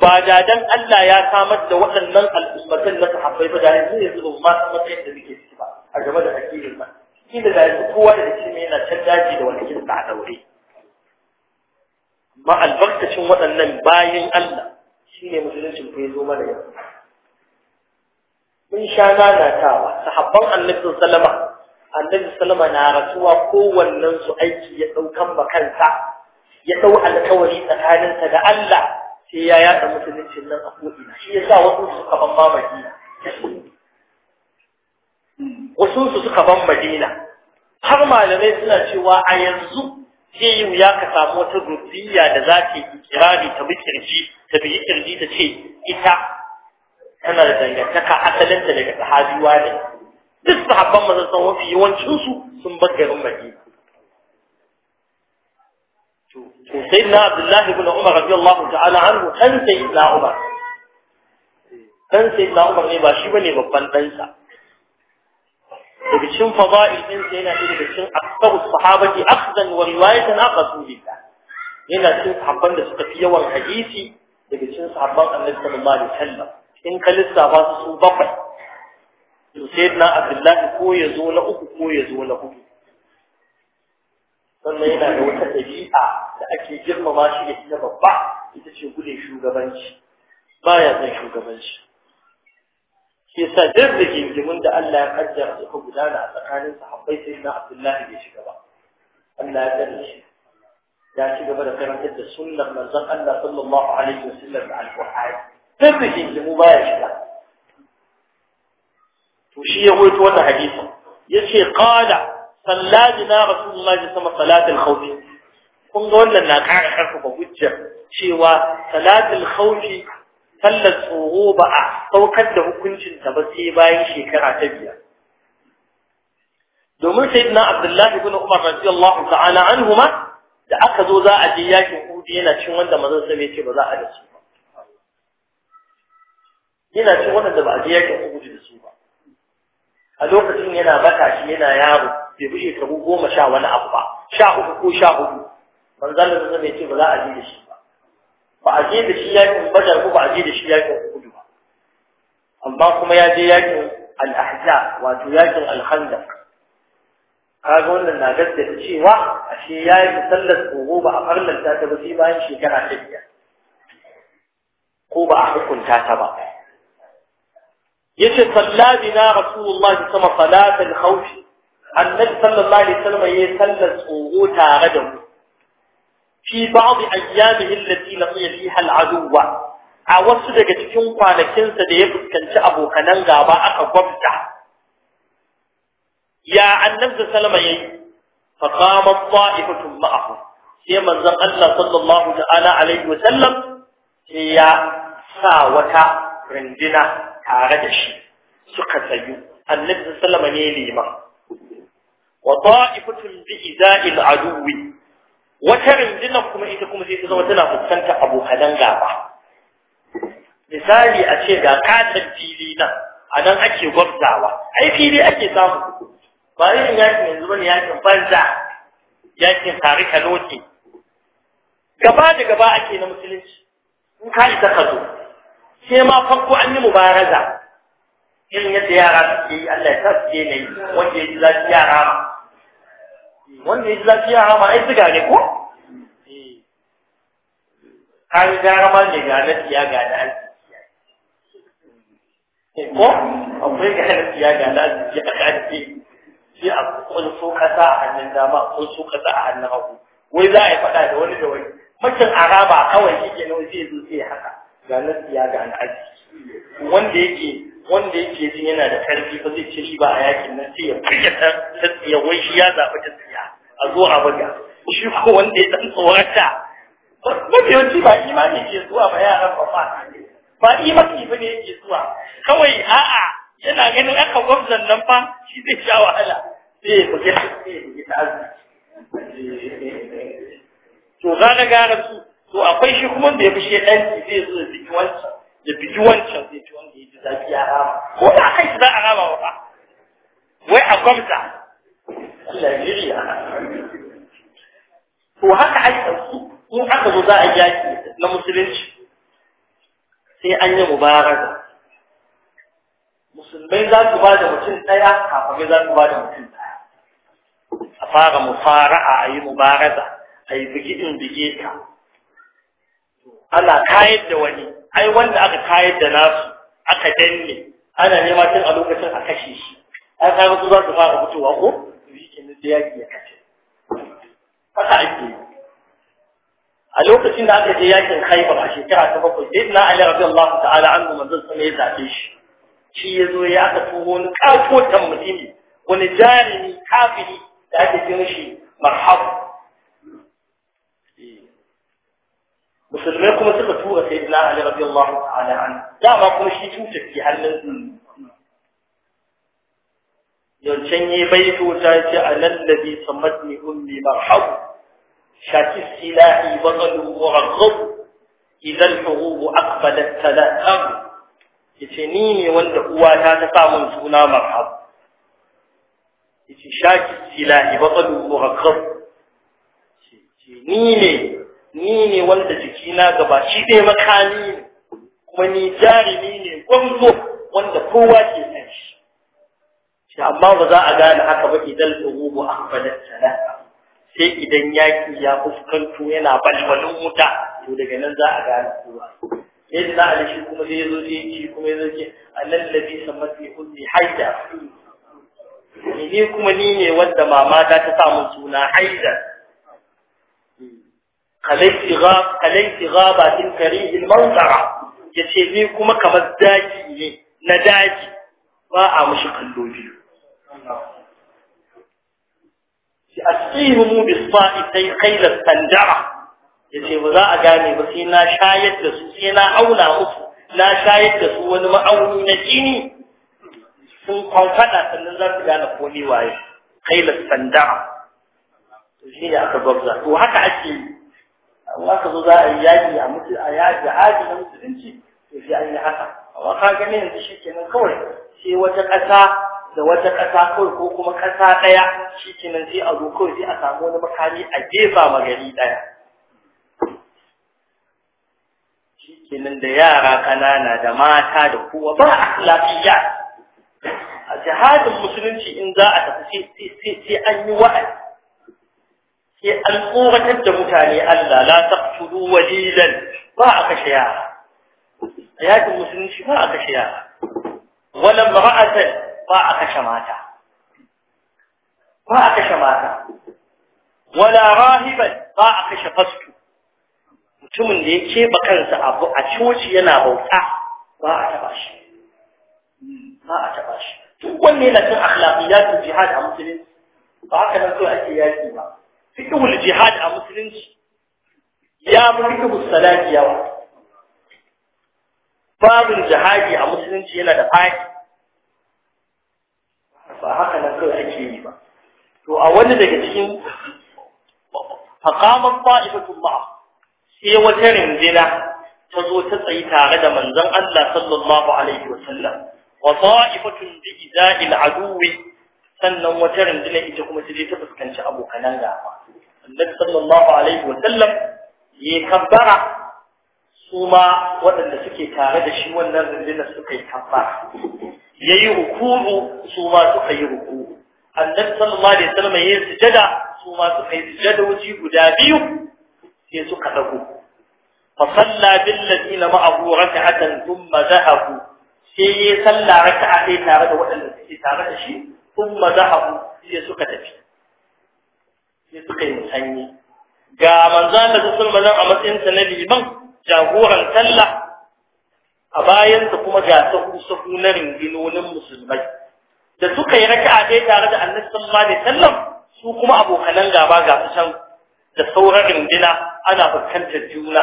ba da dan Allah ya samar da waɗannan al'ummatan na sahabbai ba da yanzu ne su ba san matsayin da muke ciki ba a game da hakikin ba shi da yanzu kowa da shi ne yana can daji da wani kinsa a daure ma albarkacin waɗannan bayan Allah shi ne musuluncin ko ya zo mana yau mun sha nanatawa sahabban annabi sallama annabi sallama na rasuwa kowannen su aiki ya daukan makansa ya dau alkawari tsakaninsa da Allah sai ya yada musuluncin nan a ko'ina shi yasa wasu ka ban ma Madina wasu su suka ban Madina har malamai suna cewa a yanzu zai ya ka samu wata rubiya da za ta yi kirari ta bi kirji ta bi kirji ta ce ita tana da dangantaka da daga sahabiwa ne duk sahabban mazan san wafi yawancin su sun bar garin madina to sai na abdullahi ibn umar radiyallahu ta'ala anhu kan sai na umar kan sai na umar ne ba shi bane babban ɗansa daga cikin fada'il din sai yana daga cikin aktaru sahabati akhdan wa riwayatan aqsulika yana cikin sahabban da suka fi yawan hadisi daga cikin sahabban Annabi sallallahu alaihi wasallam in ka lissafa su su bakwai to sayyidina Abdullahi ko ya zo na uku ko ya zo na hudu sannan yana da wata dabi'a da ake girmama shi da ita babba ita ce gudun shugabanci baya son shugabanci yasa duk rigingimin da Allah ya kaddara suka gudana a tsakanin sahabbai sai na Abdullahi bai shiga ba Allah ya tsare shi ya ci gaba da karantar da sunnar manzon Allah sallallahu alaihi wasallam da alqur'ani duk rigingimu ba ya shiga to shi ya hoito wannan hadisi yace qala sallajina rasulullahi sama salatul khawf kun ga wannan na ƙara karfafa hujjar cewa salatul khawfi sallar tsoro ba a saukar da hukuncinta ba sai bayan shekara ta biyar domin sai na abdullahi ibn umar radiyallahu ta'ala anhuma da aka zo za a je yakin hudu yana cin wanda mazan sa ce ba za a da su ba yana cin wanda ba a je yakin hudu da su ba a lokacin yana shi yana yaro bai bi shekaru goma sha wani abu ba sha uku ko sha hudu manzon da zai ce ba za a je da shi ba a je da shi yakin badar ko ba a je da shi yakin uhud ba amma kuma ya je yakin al-ahzab wato yakin al-khandaq kaga wannan na gaske da cewa ashe ya yi musallas kogo ba a farlanta ta ba sai bayan shekara ta biyar ko ba a hukunta ta ba yace na rasulullahi sama salatul khawf annabi sallallahu alaihi wasallam yayi sallar tsoro tare da mu fi ba'd ayyamihi allati laqiya fiha al'aduwa a wasu daga cikin kwanakinsa da ya fuskanci abokanan gaba aka gwabta ya annabi sallama yayi fa qama ta'ifatun ma'ahu sai manzon Allah sallallahu ta'ala alaihi wa sallam ya sa wata rindina tare da shi suka tsayu annabi sallama ne liman wa ta'ifatun bi iza'il aduwi wata rundunar kuma ita kuma sai ta zama tana fuskantar abokanan gaba misali a ce ga katon fili nan a nan ake gwabzawa ai fili ake samu ba yin yakin yanzu ne yakin banza yakin tare kaloti gaba da gaba ake na musulunci in ka isa ka zo sai ma farko an yi mubaraza irin yadda yara suke yi Allah ya sa su ne wanda ya ji za yara ma wanda ya ji ya hama ai siga ne ko eh. Kan gara ma ne gane siya, tiya ga da eh, ko akwai ga na tiya ga da ce, a ƙarfi sai a so kasa a hannun dama kun so kasa a hannun hagu wai za a yi faɗa da wani da wani mutum araba kawai shi ke nan sai zo sai haka ga na tiya ga na wanda yake wanda yake jin yana da ƙarfi ba zai ce shi ba a yakin nan sai ya fage ta tsiya wai shi ya zaɓi ta tsiya a zo a buga shi ko wanda ya dan tsorata mafiyanci ba imani ke zuwa ba yaran ba ba ba imani ba ne yake zuwa kawai a'a yana ganin aka gwamnan nan fa shi zai sha wahala sai ya buga sai ya buga azumi to za ka gara su to akwai shi kuma da ya fi shedanci zai zo da fiki wancan ya fiki wancan zai fi wanda ya ji zafi a rama ko da aka yi za a rama ba wai a gwamnan ko to haka ai ɗauki in aka zo za a yaki na musulunci sai an yi mubaraka musulmai za su ba da mutum ɗaya kafin za su ba da mutum ɗaya a fara mufara'a a yi mubaraza a yi bigidin bige ka ana kayar da wani ai wanda aka kayar da nasu aka danne ana neman a lokacin a kashe shi ai kai wasu za su fara fitowa ko da ya kace haka ake a lokacin da aka je yakin haibar a shekara ta bakwai sai na ali radiyallahu ta'ala anhu manzon sama ya zaɓe shi shi ya zo ya aka tuho wani ƙatotan mutumi wani jarumi kafiri da ake ce mishi marhabu musulmai kuma suka tura sai na ali radiyallahu ta'ala anhu dama kuma shi tuta ke hannun yancan yi baito ta ce a nan da bi samadni ummi marhabu shaki silahi baqalu wa ghadab idan hurubu aqbalat talatam ce ni ne wanda uwa ta ta samun suna marhabu yace shaki silahi baqalu wa ghadab ni ne ni ne wanda jikina gaba shi ne makami ne kuma ni jarumi ne gwamzo wanda kowa ke shi amma ba za a gane haka ba idan ba a bada sana sai idan yaƙi ya fuskanto yana balbalin wuta to daga nan za a gane kowa sai da a shi kuma zai zo zai ci kuma zai ce annal ladhi samati kulli haida ne kuma ni ne wanda mama ta ta sa mun suna haida kalaiti ga kalaiti ghaba tin tsara. Ya yace ni kuma kamar daji ne na daji ba a mushi kallo biyu A asqihumu bis-sa'i sai khayla sandara ce ba za a gane ba sai na shayar da su sai na auna musu na shayar da su wani ma'auni na jini sun kwamfada sannan za su gane ko ni waye khayla sandara shi ne aka gwabza to haka ake yi amma ka zo za a yi yaji a mutu a yaji haji na mutu musulunci to sai an yi haka amma ka gane yanzu shi kenan kawai sai wata ƙasa da wata ƙasa kawai ko kuma ƙasa ɗaya shi kenan sai a zo kawai sai a samu wani makami a jefa magari ɗaya shi kenan da yara ƙanana da mata da kowa ba a lafiya a jihadin musulunci in za a tafi sai an yi wa'azi sai an tsoratar da mutane Allah la taqtulu walilan ba a kashe yara A yakin musulunci ba a kashe yara wala mar'atan ba a kashe mata ba a kashe mata wala rahiban ba a kashe fasto mutumin da ya keɓe kansa abu a coci yana bauta ba a taɓa shi ba a taɓa shi duk wanne yana cin akhlaqiyatul jihad a musulunci ba haka nan kawai ake yaki ba fiqhul jihad a musulunci ya fi fiqhus salati yawa babin jihadi a musulunci yana da fa'i kawai ake yi ba to a wani daga cikin faqamat ta'ifatun ma'a sai wata rinjina ta zo ta tsayi tare da manzon Allah sallallahu alaihi wasallam wa ta'ifatun bi iza'il aduwi sannan wata rinjina ita kuma ta je ta fuskanci abokanan gaba annabi sallallahu alaihi wasallam ya kabbara su ma waɗanda suke tare da shi wannan rundunar suka yi kamba ya yi rukuru su ma suka yi rukuru annabi sallallahu alaihi wasallam ya yi sujada su ma suka yi sujada wuci guda biyu sai suka dago fa salla bil ladina ma'ahu rak'atan thumma zahabu sai ya salla raka'a ɗaya tare da waɗanda suke tare da shi thumma zahabu sai suka tafi sai suka yi sanyi ga manzon da sallallahu alaihi wasallam a matsayin sa na liman jagoran talla a bayan bayansa kuma ga sahu-sahu na ringinonin musulmai da suka yi raka'a dai tare da annabi sallallahu alaihi wasallam su kuma abokanan gaba ga su can da sauran rindina ana fuskantar juna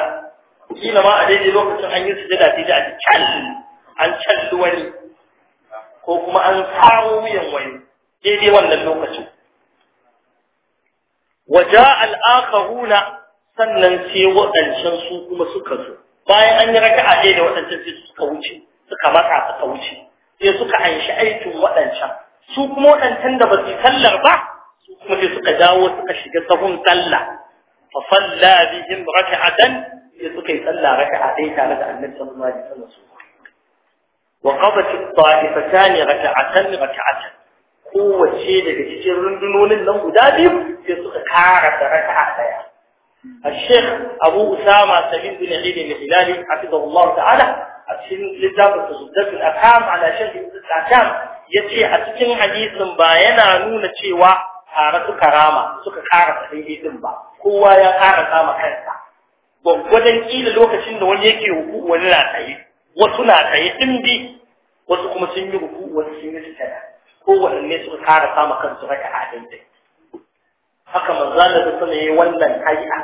kila ma a daidai lokacin an yi sujada sai da a can an calli wani ko kuma an kawo wuyan wani daidai wannan lokacin waja al sannan sai waɗancan su kuma suka zo bayan an yi raka'a ɗaya da waɗancan sai suka wuce suka matsa suka wuce sai suka anshi aikin waɗancan su kuma waɗancan da ba su sallar ba su kuma sai suka dawo suka shiga sahun sallah fa falla bihim raka'atan sai suka yi sallah raka'a ɗaya tare da annabi sallallahu alaihi wasallam وقضت ta'ifatan raka'atan raka'atan kowace daga cikin rundunonin nan guda biyu sai suka kara da raka'a ɗaya الشيخ أبو أسامة سليم بن عيد الهلالي حفظه الله تعالى أتشن للذات تصدق الأكام على شرح الأكام يتشي أتشن حديث باينا نون تشيوا تارة كرامة سك كارة حديث با هو يا كارة كامة كارة gwaggwadon ƙila lokacin da wani yake ruku wani na tsaye wasu na tsaye ɗimbi wasu kuma sun yi ruku wasu sun yi sujada kowanne suka kara kama kansu raka a daidai haka manzala da sama yayi wannan hayya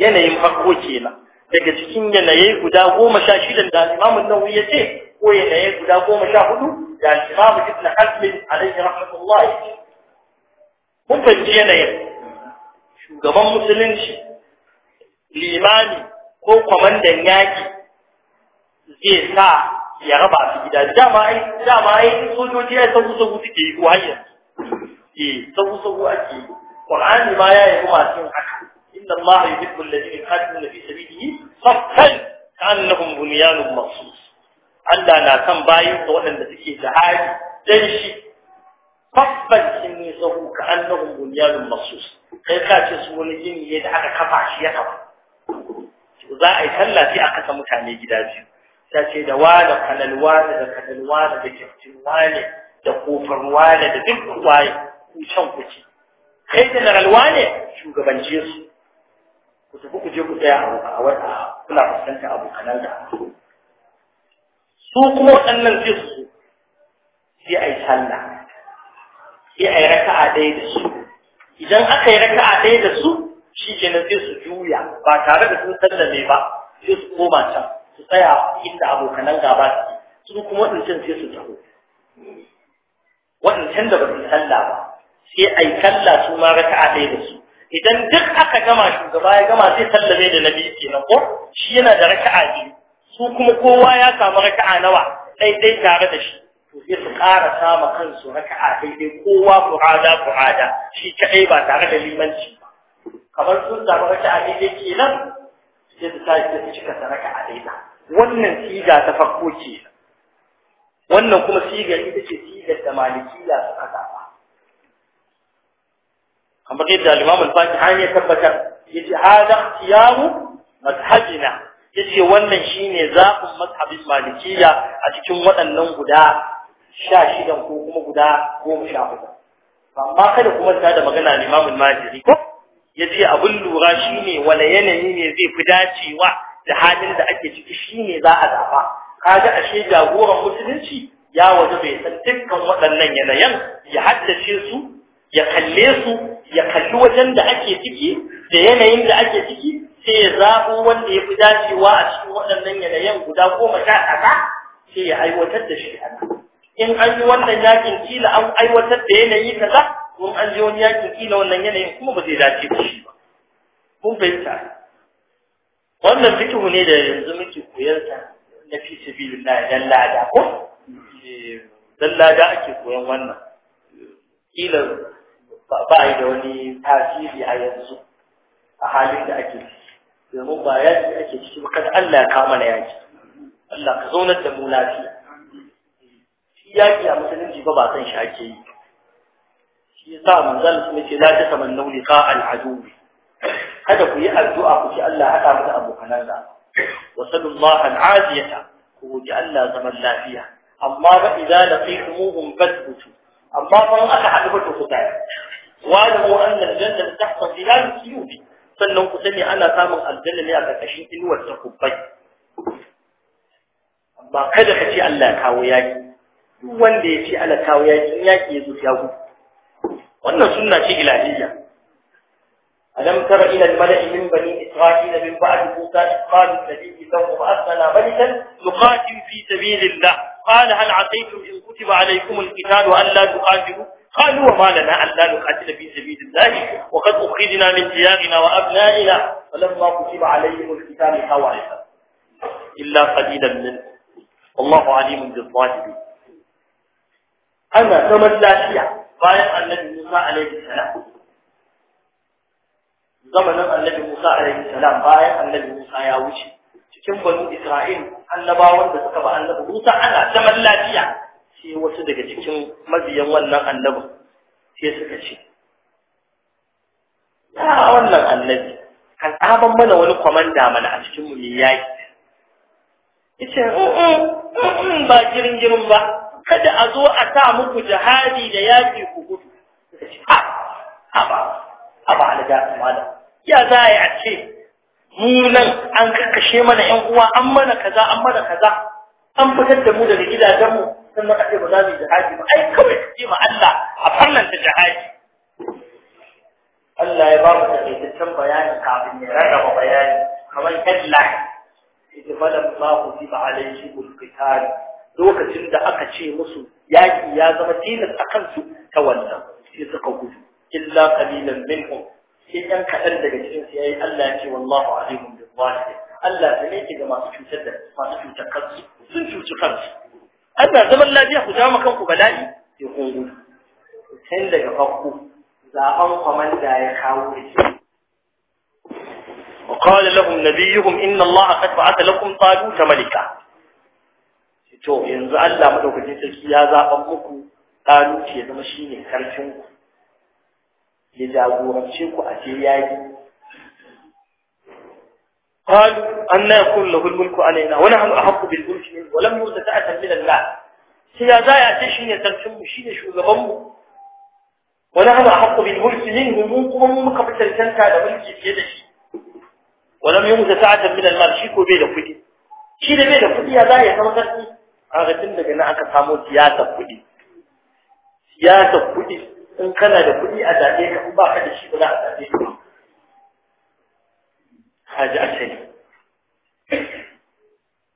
yanayin farko kenan daga cikin yanayi guda goma sha shida da Imam nawawi ya ce ko yanayi guda goma sha hudu da Imam ibn hazm alayhi rahmatullahi mun fahimci yanayin shugaban musulunci limani ko kwamandan yaki zai sa ya raba su gida dama ai dama ai sojoji ai sabu sabu suke yi ko hayya eh sabu sabu ake yi qur'ani ma ya yi masu yin haka inna allaha yuhibbu alladhina yuqatiluna fi sabilihi saffan ka'annahum bunyanun marsus Allah na kan bayin da waɗanda suke jihadi dan shi babban sun ne sahu ka annahum bunyanun marsus kai ka ce su wani gini ne da aka kafa shi ya kafa za a yi tallafi a kasa mutane gida biyu ta ce da wala kanalwa da kanalwa da kyaftin wale da kofar wale da duk waye ku can kuke kai general ne shugabance su ku tafi ku je ku tsaya a wata kuna fuskanta abokanan da su kuma waɗannan sai su sai a yi sallah sai a yi raka'a ɗaya da su idan aka yi raka'a ɗaya da su shi ke nan sai su juya ba tare da sun sallame ba sai su koma can su tsaya inda abokanan ba su kuma waɗancan sai su taho waɗancan da ba su sallah ba sai ayi kalla su ma raka'a ɗaya da su idan duk aka gama shugaba ya gama sai sallame da nabi kenan ko shi yana da raka'a biyu su kuma kowa ya samu raka'a nawa ɗaiɗai tare da shi to sai su ƙara sama kansu raka'a daidai kowa kurada kurada shi kaɗai ba tare da limanci ba kamar sun samu raka'a ke nan? sai su tashi su cika sa a daidai wannan siga ta farko kenan wannan kuma sigar ita ce sigar da malikiya suka zaɓa kamar yadda al-Imam al-Fatihani ya tabbatar yace hada ikhtiyaru mazhabina yace wannan shine zaɓin mazhabin malikiya a cikin waɗannan guda sha-shidan, ko kuma guda 14 amma kada kuma ta da magana al majiri al-Majidi ko abin lura shine wane yanayi ne zai fi dacewa da halin da ake ciki shine za a Ka kaga ashe jagoran musulunci ya waje bai san dukkan waɗannan yanayin ya haddace su ya kalle su ya kalli wajen da ake ciki da yanayin da ake ciki sai ya zaɓo wanda ya fi dacewa a cikin waɗannan yanayin guda goma sha ɗaga sai ya aiwatar da shi in an yi wannan yakin kila an aiwatar da yanayi kaza kun an je wani yakin kila wannan yanayin kuma ba zai dace da shi ba kun fahimta wannan fikihu ne da yanzu muke koyar na fi sabilillah dan lada ko eh, dan lada ake koyan wannan kila ba yi da wani tasiri a yanzu a halin da ake domin ba ya ce ake ciki ba kada Allah ya kama na yaki Allah ka zaunar da mu lafiya shi yaki a musulunci ba ba san shi ake yi shi ya sa manzal kuma ce za ta saman nauli ka al'adu kada ku yi addu'a ku ce Allah haɗa mu da abokanan da wa sallallahu al'aziyata ku roki Allah zaman lafiya amma ba idza laqitumuhum fasbutu amma fa aka haɗu ba to ku tsaya وعلموا أن الجنة تحت ظلال السيوف sannan ku sani ana samun aljanna ne a ƙarƙashin inuwar ta kubbai amma kada ka ce Allah kawo yaki duk wanda ya ce Allah kawo yaki in yaki ya zo ya gudu wannan sunna ce ilahiyya alam tara ila al-mala'i min bani isra'ila min ba'd musa qalu alladhi sawfa ba'athna malikan nuqatil fi sabilillah qala hal 'ataytum in kutiba 'alaykum al-qitalu an la tuqatilu قالوا وما لنا ألا نقاتل في سبيل الله وقد أخرجنا من ديارنا وأبنائنا فلما كتب عليهم الكتاب خوارفا إلا قليلا منه والله عليم بالظالمين أنا ثمن لا شيع بايع النبي موسى عليه السلام zamanin annabi Musa alaihi salam bayan annabi Musa ya wuce cikin banu Isra'il annabawan da suka ba annabi Musa ana zaman lafiya sai wasu daga cikin mabiyan wannan annabin sai suka ce ya wannan annabi kan tsaban mana wani kwamanda mana a cikin mu yayi yace mm, mm, mm, ba girin girin ba kada a zo a sa muku jihadi da yaƙi ku gudu suka ce a ba aba alaga malam ya za a ce mu nan an kakkashe mana yan uwa an mana kaza an mana kaza an fitar da mu daga gidajenmu sun maka ce ba za mu yi jihadi ba ai kawai ka ce ma Allah a ta jihadi Allah ya ba mu takaitaccen bayani kafin ya rarraba bayani kamar headline ita falan ma ku ji ba alaihi ulkitari lokacin da aka ce musu yaki ya zama tilas a kansu ta wannan sai suka gudu illa qalilan minhum sai ɗan kaɗan daga cikin su yayi Allah ya ce wallahu alimun bil zalimin Allah ne ke ga masu cutar da masu cutar kansu sun cuci kansu ana zaman lafiya ku ja kanku bala'i sai kun gudu tun daga farko zaben kwamanda ya kawo da وقال لهم نبيهم إن الله قد بعث لكم طالوت ملكا to yanzu Allah madaukakin sarki ya zaɓa muku ɗaluci ya zama shi ne ku ya jagorance ku a ce yaƙi قالوا أن يكون له الملك علينا ونحن أحق بالملك منه ولم يرد سعة من الله سيازا يأتشين يترسم شين شو غبم ونحن أحق بالملك منه منكم ومن قبل تلسنك على ملك سيدش ولم يرد سعة من المال شيكو بيدا فدي شين بيدا فدي هذا يتوقفني أغتن لك أن أكتامو سياسة فدي siyasar kuɗi in kana da kuɗi a zaɓe ka in ba ka da shi ba za a zaɓe ka kaji asali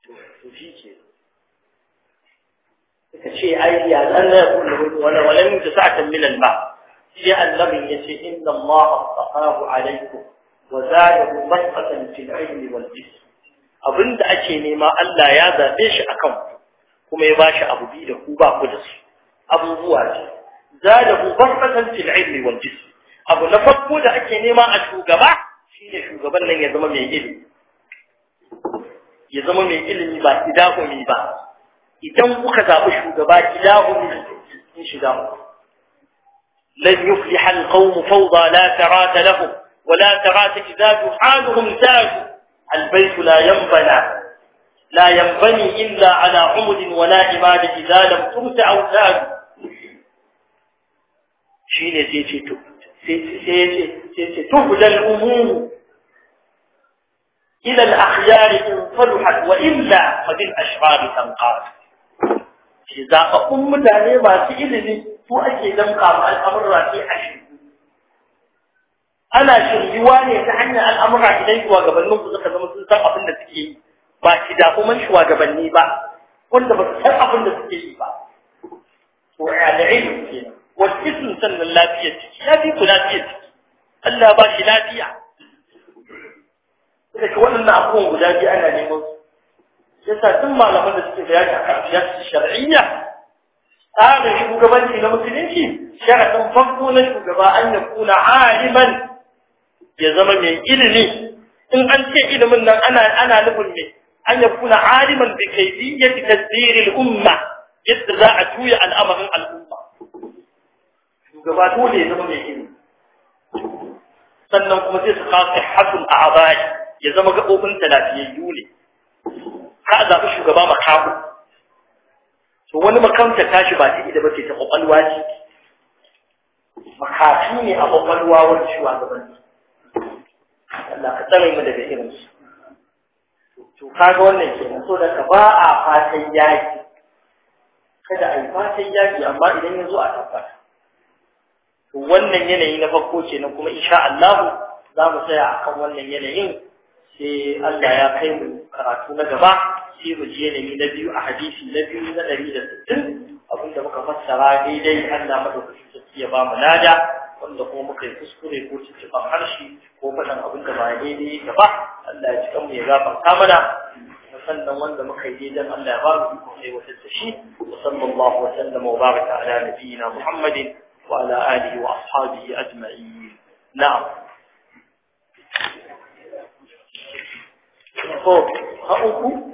to shi ke suka ce ai ya zan na kullu wala walam tasatan min al-ba sai annabi yace inna Allah taqahu alaikum wa zadahu basatan fil ilmi wal jism abinda ake nema Allah ya zabe shi akan kuma ya bashi abu bi da ku ba ku da su abubuwa ce zadahu basatan fil ilmi wal jism abu na farko da ake nema a shugaba shi shugaban nan ya zama mai ilimi ya zama mai ilimi ba ba idan kuka shugaba shiga لن يفلح القوم فوضى لا ترات لهم ولا ترات إذا جحالهم زاجوا البيت لا ينبنى لا ينبني إلا على عمد ولا إماد إذا لم تمت أو تاج شين زيتي sai تهدى الأمور إلى الأخيار إن صلحت وإلا فبالأشرار تنقاد shi zaɓaɓɓun mutane masu ilimi su ake damka ma al'amurra sai a shirgu ana shirgiwa ne ta hanyar al'amurra idan shugabannin ku suka zama sun san abin da suke yi ba ki da kuma shugabanni ba wanda ba su san abin da suke yi ba da والجسم sannan lafiyar jiki ya fi ku lafiyar Allah ba shi lafiya da ka waɗannan abubuwan guda biyu ana neman su sa tun malaman da suke bayani a kafiyar shar'iyya tsarin shugabanci na musulunci sharaɗin farko na shugaba an ya kuna aliman ya zama mai ilimi in an ce ilimin nan ana ana nufin me an ya kuna aliman bi kayfiyyati tasdiril umma yadda za a juya al'amarin al'umma shugaba dole ya zama mai ilimi sannan kuma sai su kawo a a'dai ya zama gabobin talafiyayyu ne ka zaɓi shugaba makaho to wani makamta tashi ba ta ida ba ce ta ƙwaƙwalwa ce makafi ne a ƙwaƙwalwa wani shugaban Allah ka tsare mu daga irinsu to kaga wannan ke so da ka ba a fatan yaki kada a yi fatan yaki amma idan ya zo a tabbata to wannan yanayi na farko nan kuma insha Allah za mu tsaya akan wannan yanayin sai Allah ya kai mu karatu na gaba sai mu ji yanayi na biyu a hadisi na biyu na ɗari da sittin abinda muka fassara daidai Allah madaukakin sarki ya ba mu lada wanda kuma muka yi kuskure ko tuntuɓar harshe ko faɗin abin da ba daidai yake ba Allah ya ci kanmu ya gafarta mana sannan wanda muka yi daidai Allah ya ba mu iko sai wata shi wa sallallahu wa sallama wa baraka ala Muhammadin وعلى آله وأصحابه أجمعين نعم ولكن هذا هو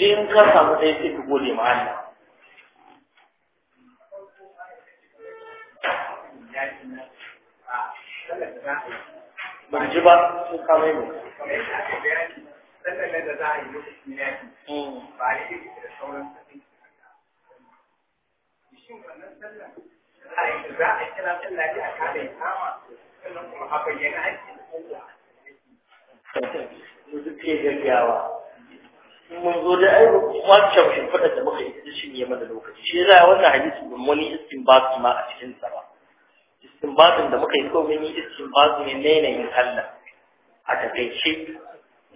المكان الذي يجعل هذا المكان shin wannan sallah ai za a kira sallah ne a kada ikama sannan kuma hakan yana aiki da kowa mu duk ke gaggawa mun zo da ai shafin shimfiɗa da muka yi shi ne mana lokaci shi yasa wannan hadisi ban wani istinbat ma a cikin sa ba istinbatin da muka yi ko mun yi istinbat ne na yanayin Allah a shi,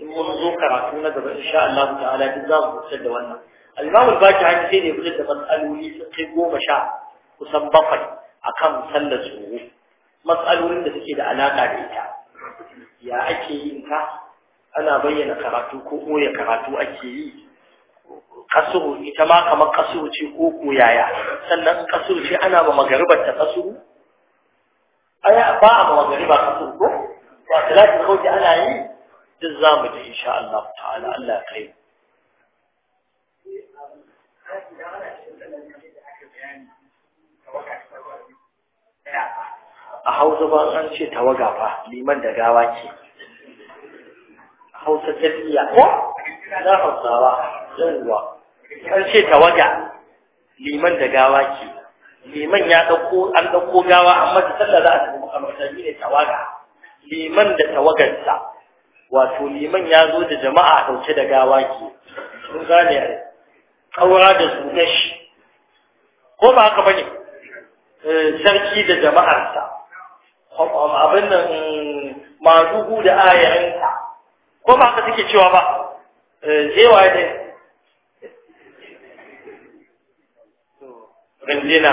in mun zo karatu na gaba insha Allah ta'ala duk za mu fitar da wannan al-imam al-baki haka sai da matsaloli da kai goma sha kusan bakwai akan sallar tsoro mas'alolin da suke da alaka da ita ya ake yin ta ana bayyana karatu ko ɓoye karatu ake yi ita ma kamar kasuru ce ko koyaya sannan kasuru ce ana ba magaribar ta kasuru ba a ba magariba kasuru ko ba talatin kauce ana yi duk za mu ji insha Allah ta'ala Allah kai gida a hausa ba an ce tawaga fa liman da gawa ke hausa ta biya ko na hausawa yawwa an ce tawaga liman da gawa ke liman ya dauko an dauko gawa an mata sallah za a tafi makamarta ne tawaga liman da sa wato liman ya zo da jama'a dauke da gawa ke sun gane ƙaura da sunan shi ko ba haka bane Eh, sarki da jama'arsa abin nan maduhu da ayarinsa ko ba haka take cewa ba zewa eh, eh, ne rindina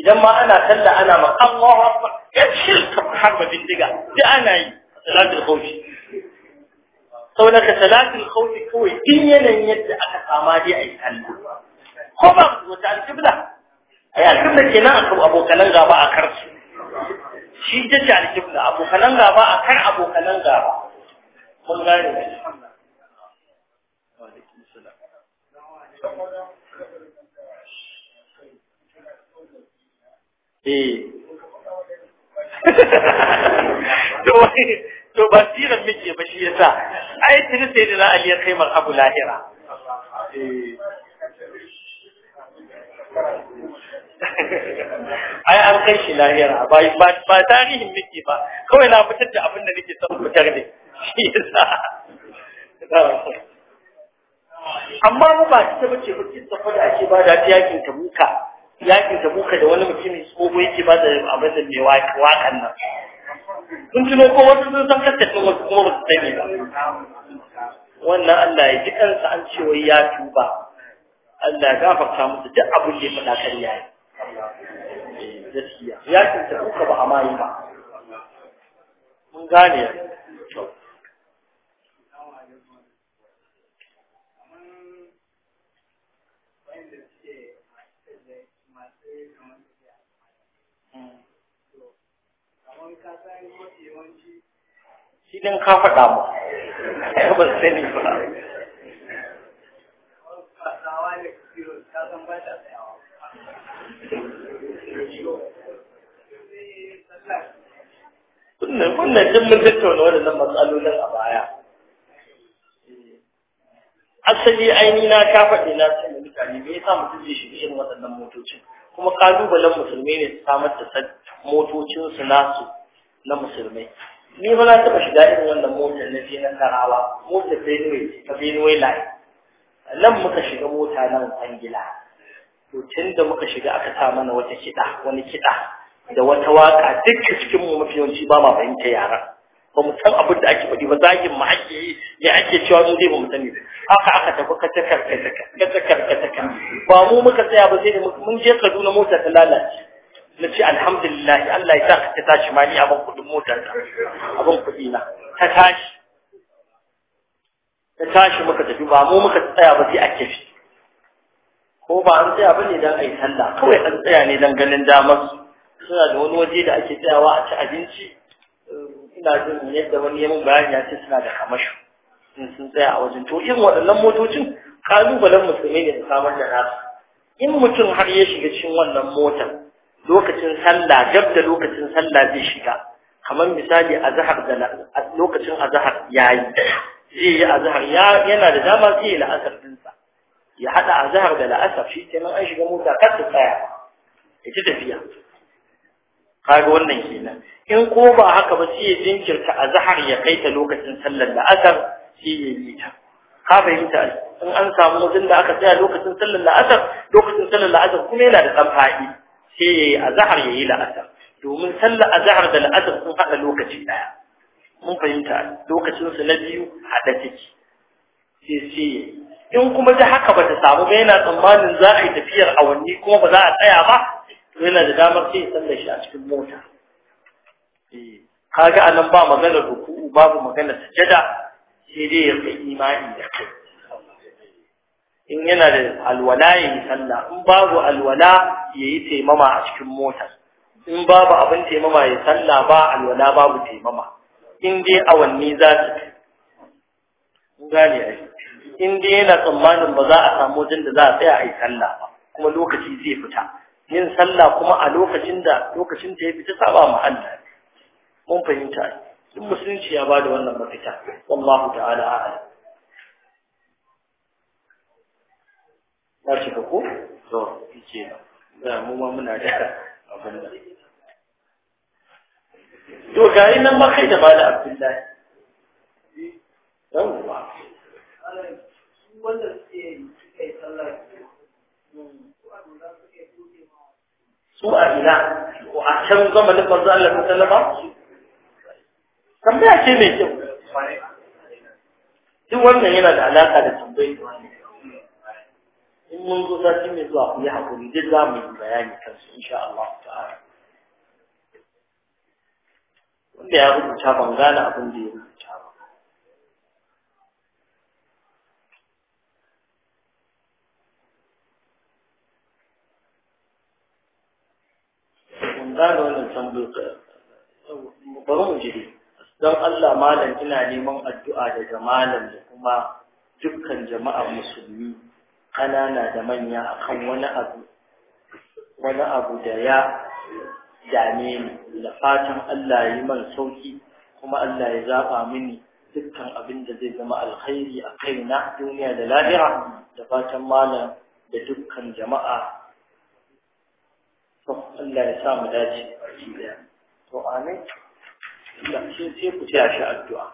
idan ma ana talla ana ma Allah ya shirka harba bindiga da ana yi salatul khawfi sau da salatul khawfi kawai din yanayin yadda aka sama dai a yi talla ko ba wata alƙibla a yi alƙibla kenan a kan abokanan gaba a kar su shi ta ce alƙibla abokanan gaba a kar abokanan gaba mun gane Thank you. eh to ba siran muke ba shi yasa ai tiri sai da Ali ya kai abu lahira eh. ai an kai shi lahira ba ba tarihin muke ba kawai na fitar da abin da nake son fitar ne amma mu ba ta bace ba kissa fa da ake ba da yakin muka yakin da muka da wani ko ko yake ba da abin da mai waƙan nan kun tuno ko wasu sun san kaskacin wasu kuma ba su sani ba wannan Allah ya ji kansa an ce wai ya tuba Allah ya gafarta musu duk abin da ya faɗa yayi. gaskiya yakin da muka ba a mayi ba mun gane yanzu idan ka faɗa mu ba sani ba Kunna wannan duk mun tattauna waɗannan matsalolin a baya asali aini na ka faɗi na ce mutane me yasa mutum zai shiga irin waɗannan motocin kuma kalubalen musulmai ne su samar da motocinsu nasu na musulmai ni ba na taɓa shiga irin wannan motar na je na motar benue ta benue line nan muka shiga mota nan kwangila to tun da muka shiga aka sa mana wata kiɗa wani kiɗa da wata waka duk cikin mu mafi yawanci ba ma fahimta yara ba mu san abin da ake faɗi ba zagin mu ake yi ya ake cewa in zai ba mu sani haka aka tafi ka takar ka takar ka takar ka ba mu muka tsaya ba sai mun je Kaduna motar ta lalace na ce alhamdulillah Allah ya sa ka tashi ma ni abin kudin motar ta abin kudi na ta tashi ta tashi muka tafi ba mu muka tsaya ba sai a kefi ko ba an tsaya bane dan ai sallah kawai an tsaya ne dan ganin damar suna da wani waje da ake tsayawa a ci abinci ina jin yadda wani yamin bayani ya ce suna da kamashu in sun tsaya a wajen to irin waɗannan motocin kalubalen musulmai ne da samar da nasu in mutum har ya shiga cikin wannan motar lokacin sallah gab da lokacin sallah zai shiga kamar misali azhar da lokacin azhar yayi zai yi azhar yana da dama zai yi la'asar dinsa ya hada azhar da la'asar shi kenan an shiga mota kar ta tsaya ya ita tafiya kaga wannan kenan in ko ba haka ba sai ya jinkirta azhar ya kai ta lokacin sallar la'asar sai ya yi ta ka fahimta in an samu wajen da aka tsaya lokacin sallar la'asar lokacin sallar la'asar kuma yana da dan sai azahar ya yi la'asar domin sallar azahar da la'asar sun haɗa lokaci daya mun fahimta lokacin na biyu haɗa take sai sai in kuma ji haka ba ta samu ba yana tsammanin za a yi tafiyar awanni kuma ba za a tsaya ba to yana da damar sai ya sallar shi a cikin mota eh, kaga anan ba magana ruku'u babu magana sajada sai dai ya kai imani da kai in yana da alwala ya yi sallah in babu alwala ya yi taimama a cikin motar in babu abin taimama ya sallah ba alwala babu taimama in dai awanni za su fi gane ai in dai yana tsammanin ba za a samu wajen da za a tsaya a yi sallah ba kuma lokaci zai fita yin sallah kuma a lokacin da lokacin da ya fita saba ma Allah mun fahimta duk musulunci ya bada wannan mafita wallahu ta'ala a'lam ta shiga ko to yake da mu ma muna da abin da to ga yi nan makai da malam abdullahi yawwa wanda suke kai sallah su a ina a can zamanin manzo Allah ta sallama tambaya ce mai kyau duk wannan yana da alaƙa da tambayi da tambayin in mun zo sati mai zuwa ku yi haƙuri duk za mu yi bayani kansu insha Allah ta'ala wanda ya rubuta ban gane abin da ya rubuta ba ban gane wannan tambayar bari mu jiri don Allah malam ina neman addu'a daga malam da kuma dukkan jama'ar musulmi ƙanana da manya akan wani abu wani abu da ya dame ni da fatan Allah yi man sauki kuma Allah ya zaɓa mini dukkan abin da zai zama alkhairi a kaina duniya da lahira da fatan malam da dukkan jama'a Allah ya sa mu dace to amin Allah sai ku taya shi addu'a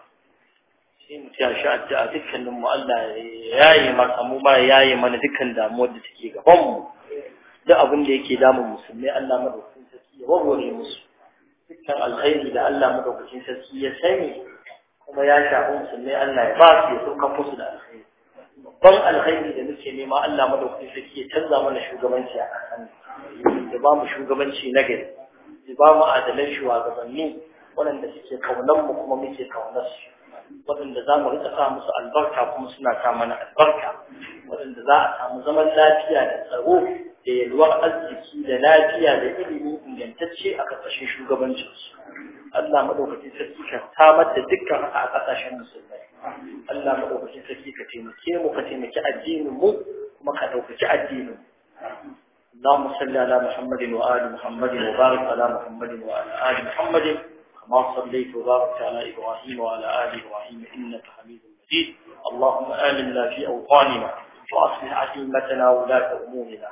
sai mu ta shi addu'a dukkanin mu Allah ya yi maka mu ba ya yi mana dukkan damuwar da take gaban mu duk abin da yake damun musulmai Allah madaukakin sarki ya warware musu dukkan alkhairi da Allah madaukakin sarki ya sani kuma ya shafi musulmai Allah ya ba su ya sauka musu da alkhairi babban alkhairi da muke nema Allah madaukakin sarki ya canza mana shugabanci a kasan ya ba mu shugabanci na gari ya ba mu adalan shugabanni waɗanda suke kaunan mu kuma muke kaunar su waɗanda za mu rika sa musu albarka kuma suna sa mana albarka waɗanda za a samu zaman lafiya da tsaro da yalwar arziki da lafiya da ilimi ingantacce a ƙarƙashin shugabancinsu Allah maɗaukacin sarki ka samar da dukkan haka a ƙasashen musulmai Allah maɗaukacin sarki ka taimake mu ka taimaki addinin mu kuma ka ɗaukaki addinin mu اللهم صل على محمد وآل محمد وبارك على محمد وعلى آل محمد كما صليت وبارك على إبراهيم وعلى آل إبراهيم إنك حميد مجيد اللهم آمنا في أوطاننا وأصلح أئمتنا ولاة أمورنا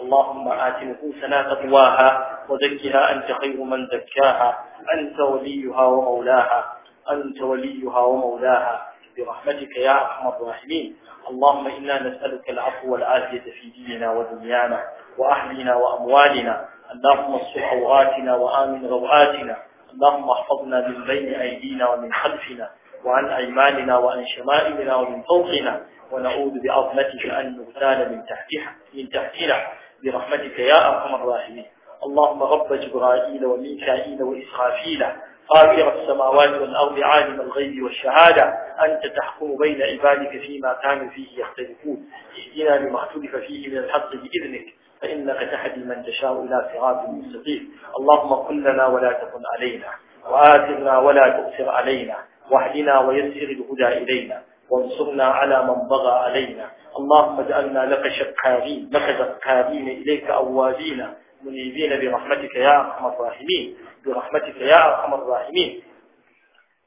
اللهم آت نفوسنا تقواها وزكها أنت خير من زكاها أنت وليها ومولاها أنت وليها ومولاها برحمتك يا أرحم الراحمين اللهم إنا نسألك العفو والعافية في ديننا ودنيانا وأهلنا وأموالنا اللهم اصلح عوراتنا وآمن روعاتنا اللهم احفظنا من بين أيدينا ومن خلفنا وعن أيماننا وعن شمائلنا ومن فوقنا ونعوذ بعظمتك أن نغتال من تحتها من تحتنا برحمتك يا أرحم الراحمين اللهم رب جبرائيل وميكائيل وإسرافيل فاطر السماوات والأرض عالم الغيب والشهادة أنت تحكم بين عبادك فيما كانوا فيه يختلفون اهدنا لما اختلف فيه من الحق بإذنك فإنك تهدي من تشاء إلى صراط مستقيم اللهم كن لنا ولا تكن علينا وآثرنا ولا تؤثر علينا واهدنا ويسر الهدى إلينا وانصرنا على من بغى علينا اللهم اجعلنا لك شكارين لك ذكارين إليك أوابين منيبين برحمتك يا أرحم الراحمين برحمتك يا أرحم الراحمين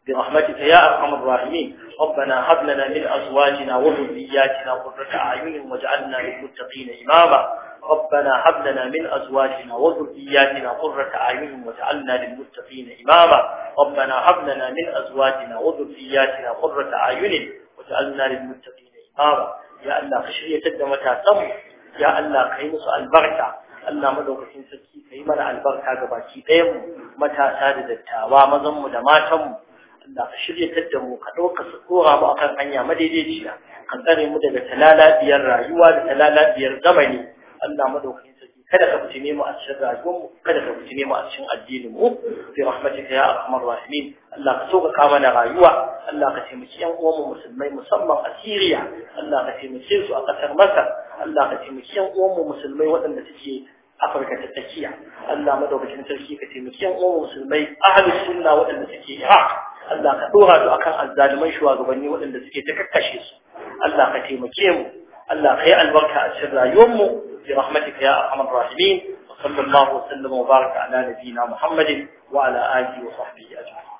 برحمتك يا أرحم الراحمين ربنا هب لنا من أزواجنا وذرياتنا قرة أعين واجعلنا للمتقين إماما ربنا هب لنا من أزواجنا وذرياتنا قرة أعين واجعلنا للمتقين إماما ربنا هب لنا من أزواجنا وذرياتنا قرة أعين واجعلنا للمتقين إماما يا الله خشية الدمتها تم يا الله قيمص البركة Allah madaukakin sarki kai mana albarka gabaki ɗayan mu matasa da dattawa mazan mu da matan mu ka shiryatar da mu ka ɗauka su tsora mu akan hanya madaidaiciya ka tsare mu daga talalabiyar rayuwa da talalabiyar zamani Allah madaukakin sarki kada ka fitine mu a cikin rayuwar mu kada ka fitine mu a cikin addinin mu bi rahmatika ya arhamar rahimin Allah ka sauƙaƙa mana rayuwa Allah ka taimaki ƴan uwan mu musulmai musamman a Syria Allah ka taimake su a ƙasar Masar Allah ka taimaki ƴan uwan mu musulmai waɗanda suke Afirka ta tsakiya Allah madaukakin sarki ka taimaki ƴan uwan musulmai ahlus sunna waɗanda suke Iraq Allah ka dora su akan azzaliman shugabanni waɗanda suke ta kakkashe su Allah ka taimake mu Allah ka yi albarka a cikin rayuwarmu bi rahmatika ya arhamar rahimin wa sallallahu wa sallama wa baraka ala nabiyina Muhammadin wa ala alihi wa sahbihi ajma'in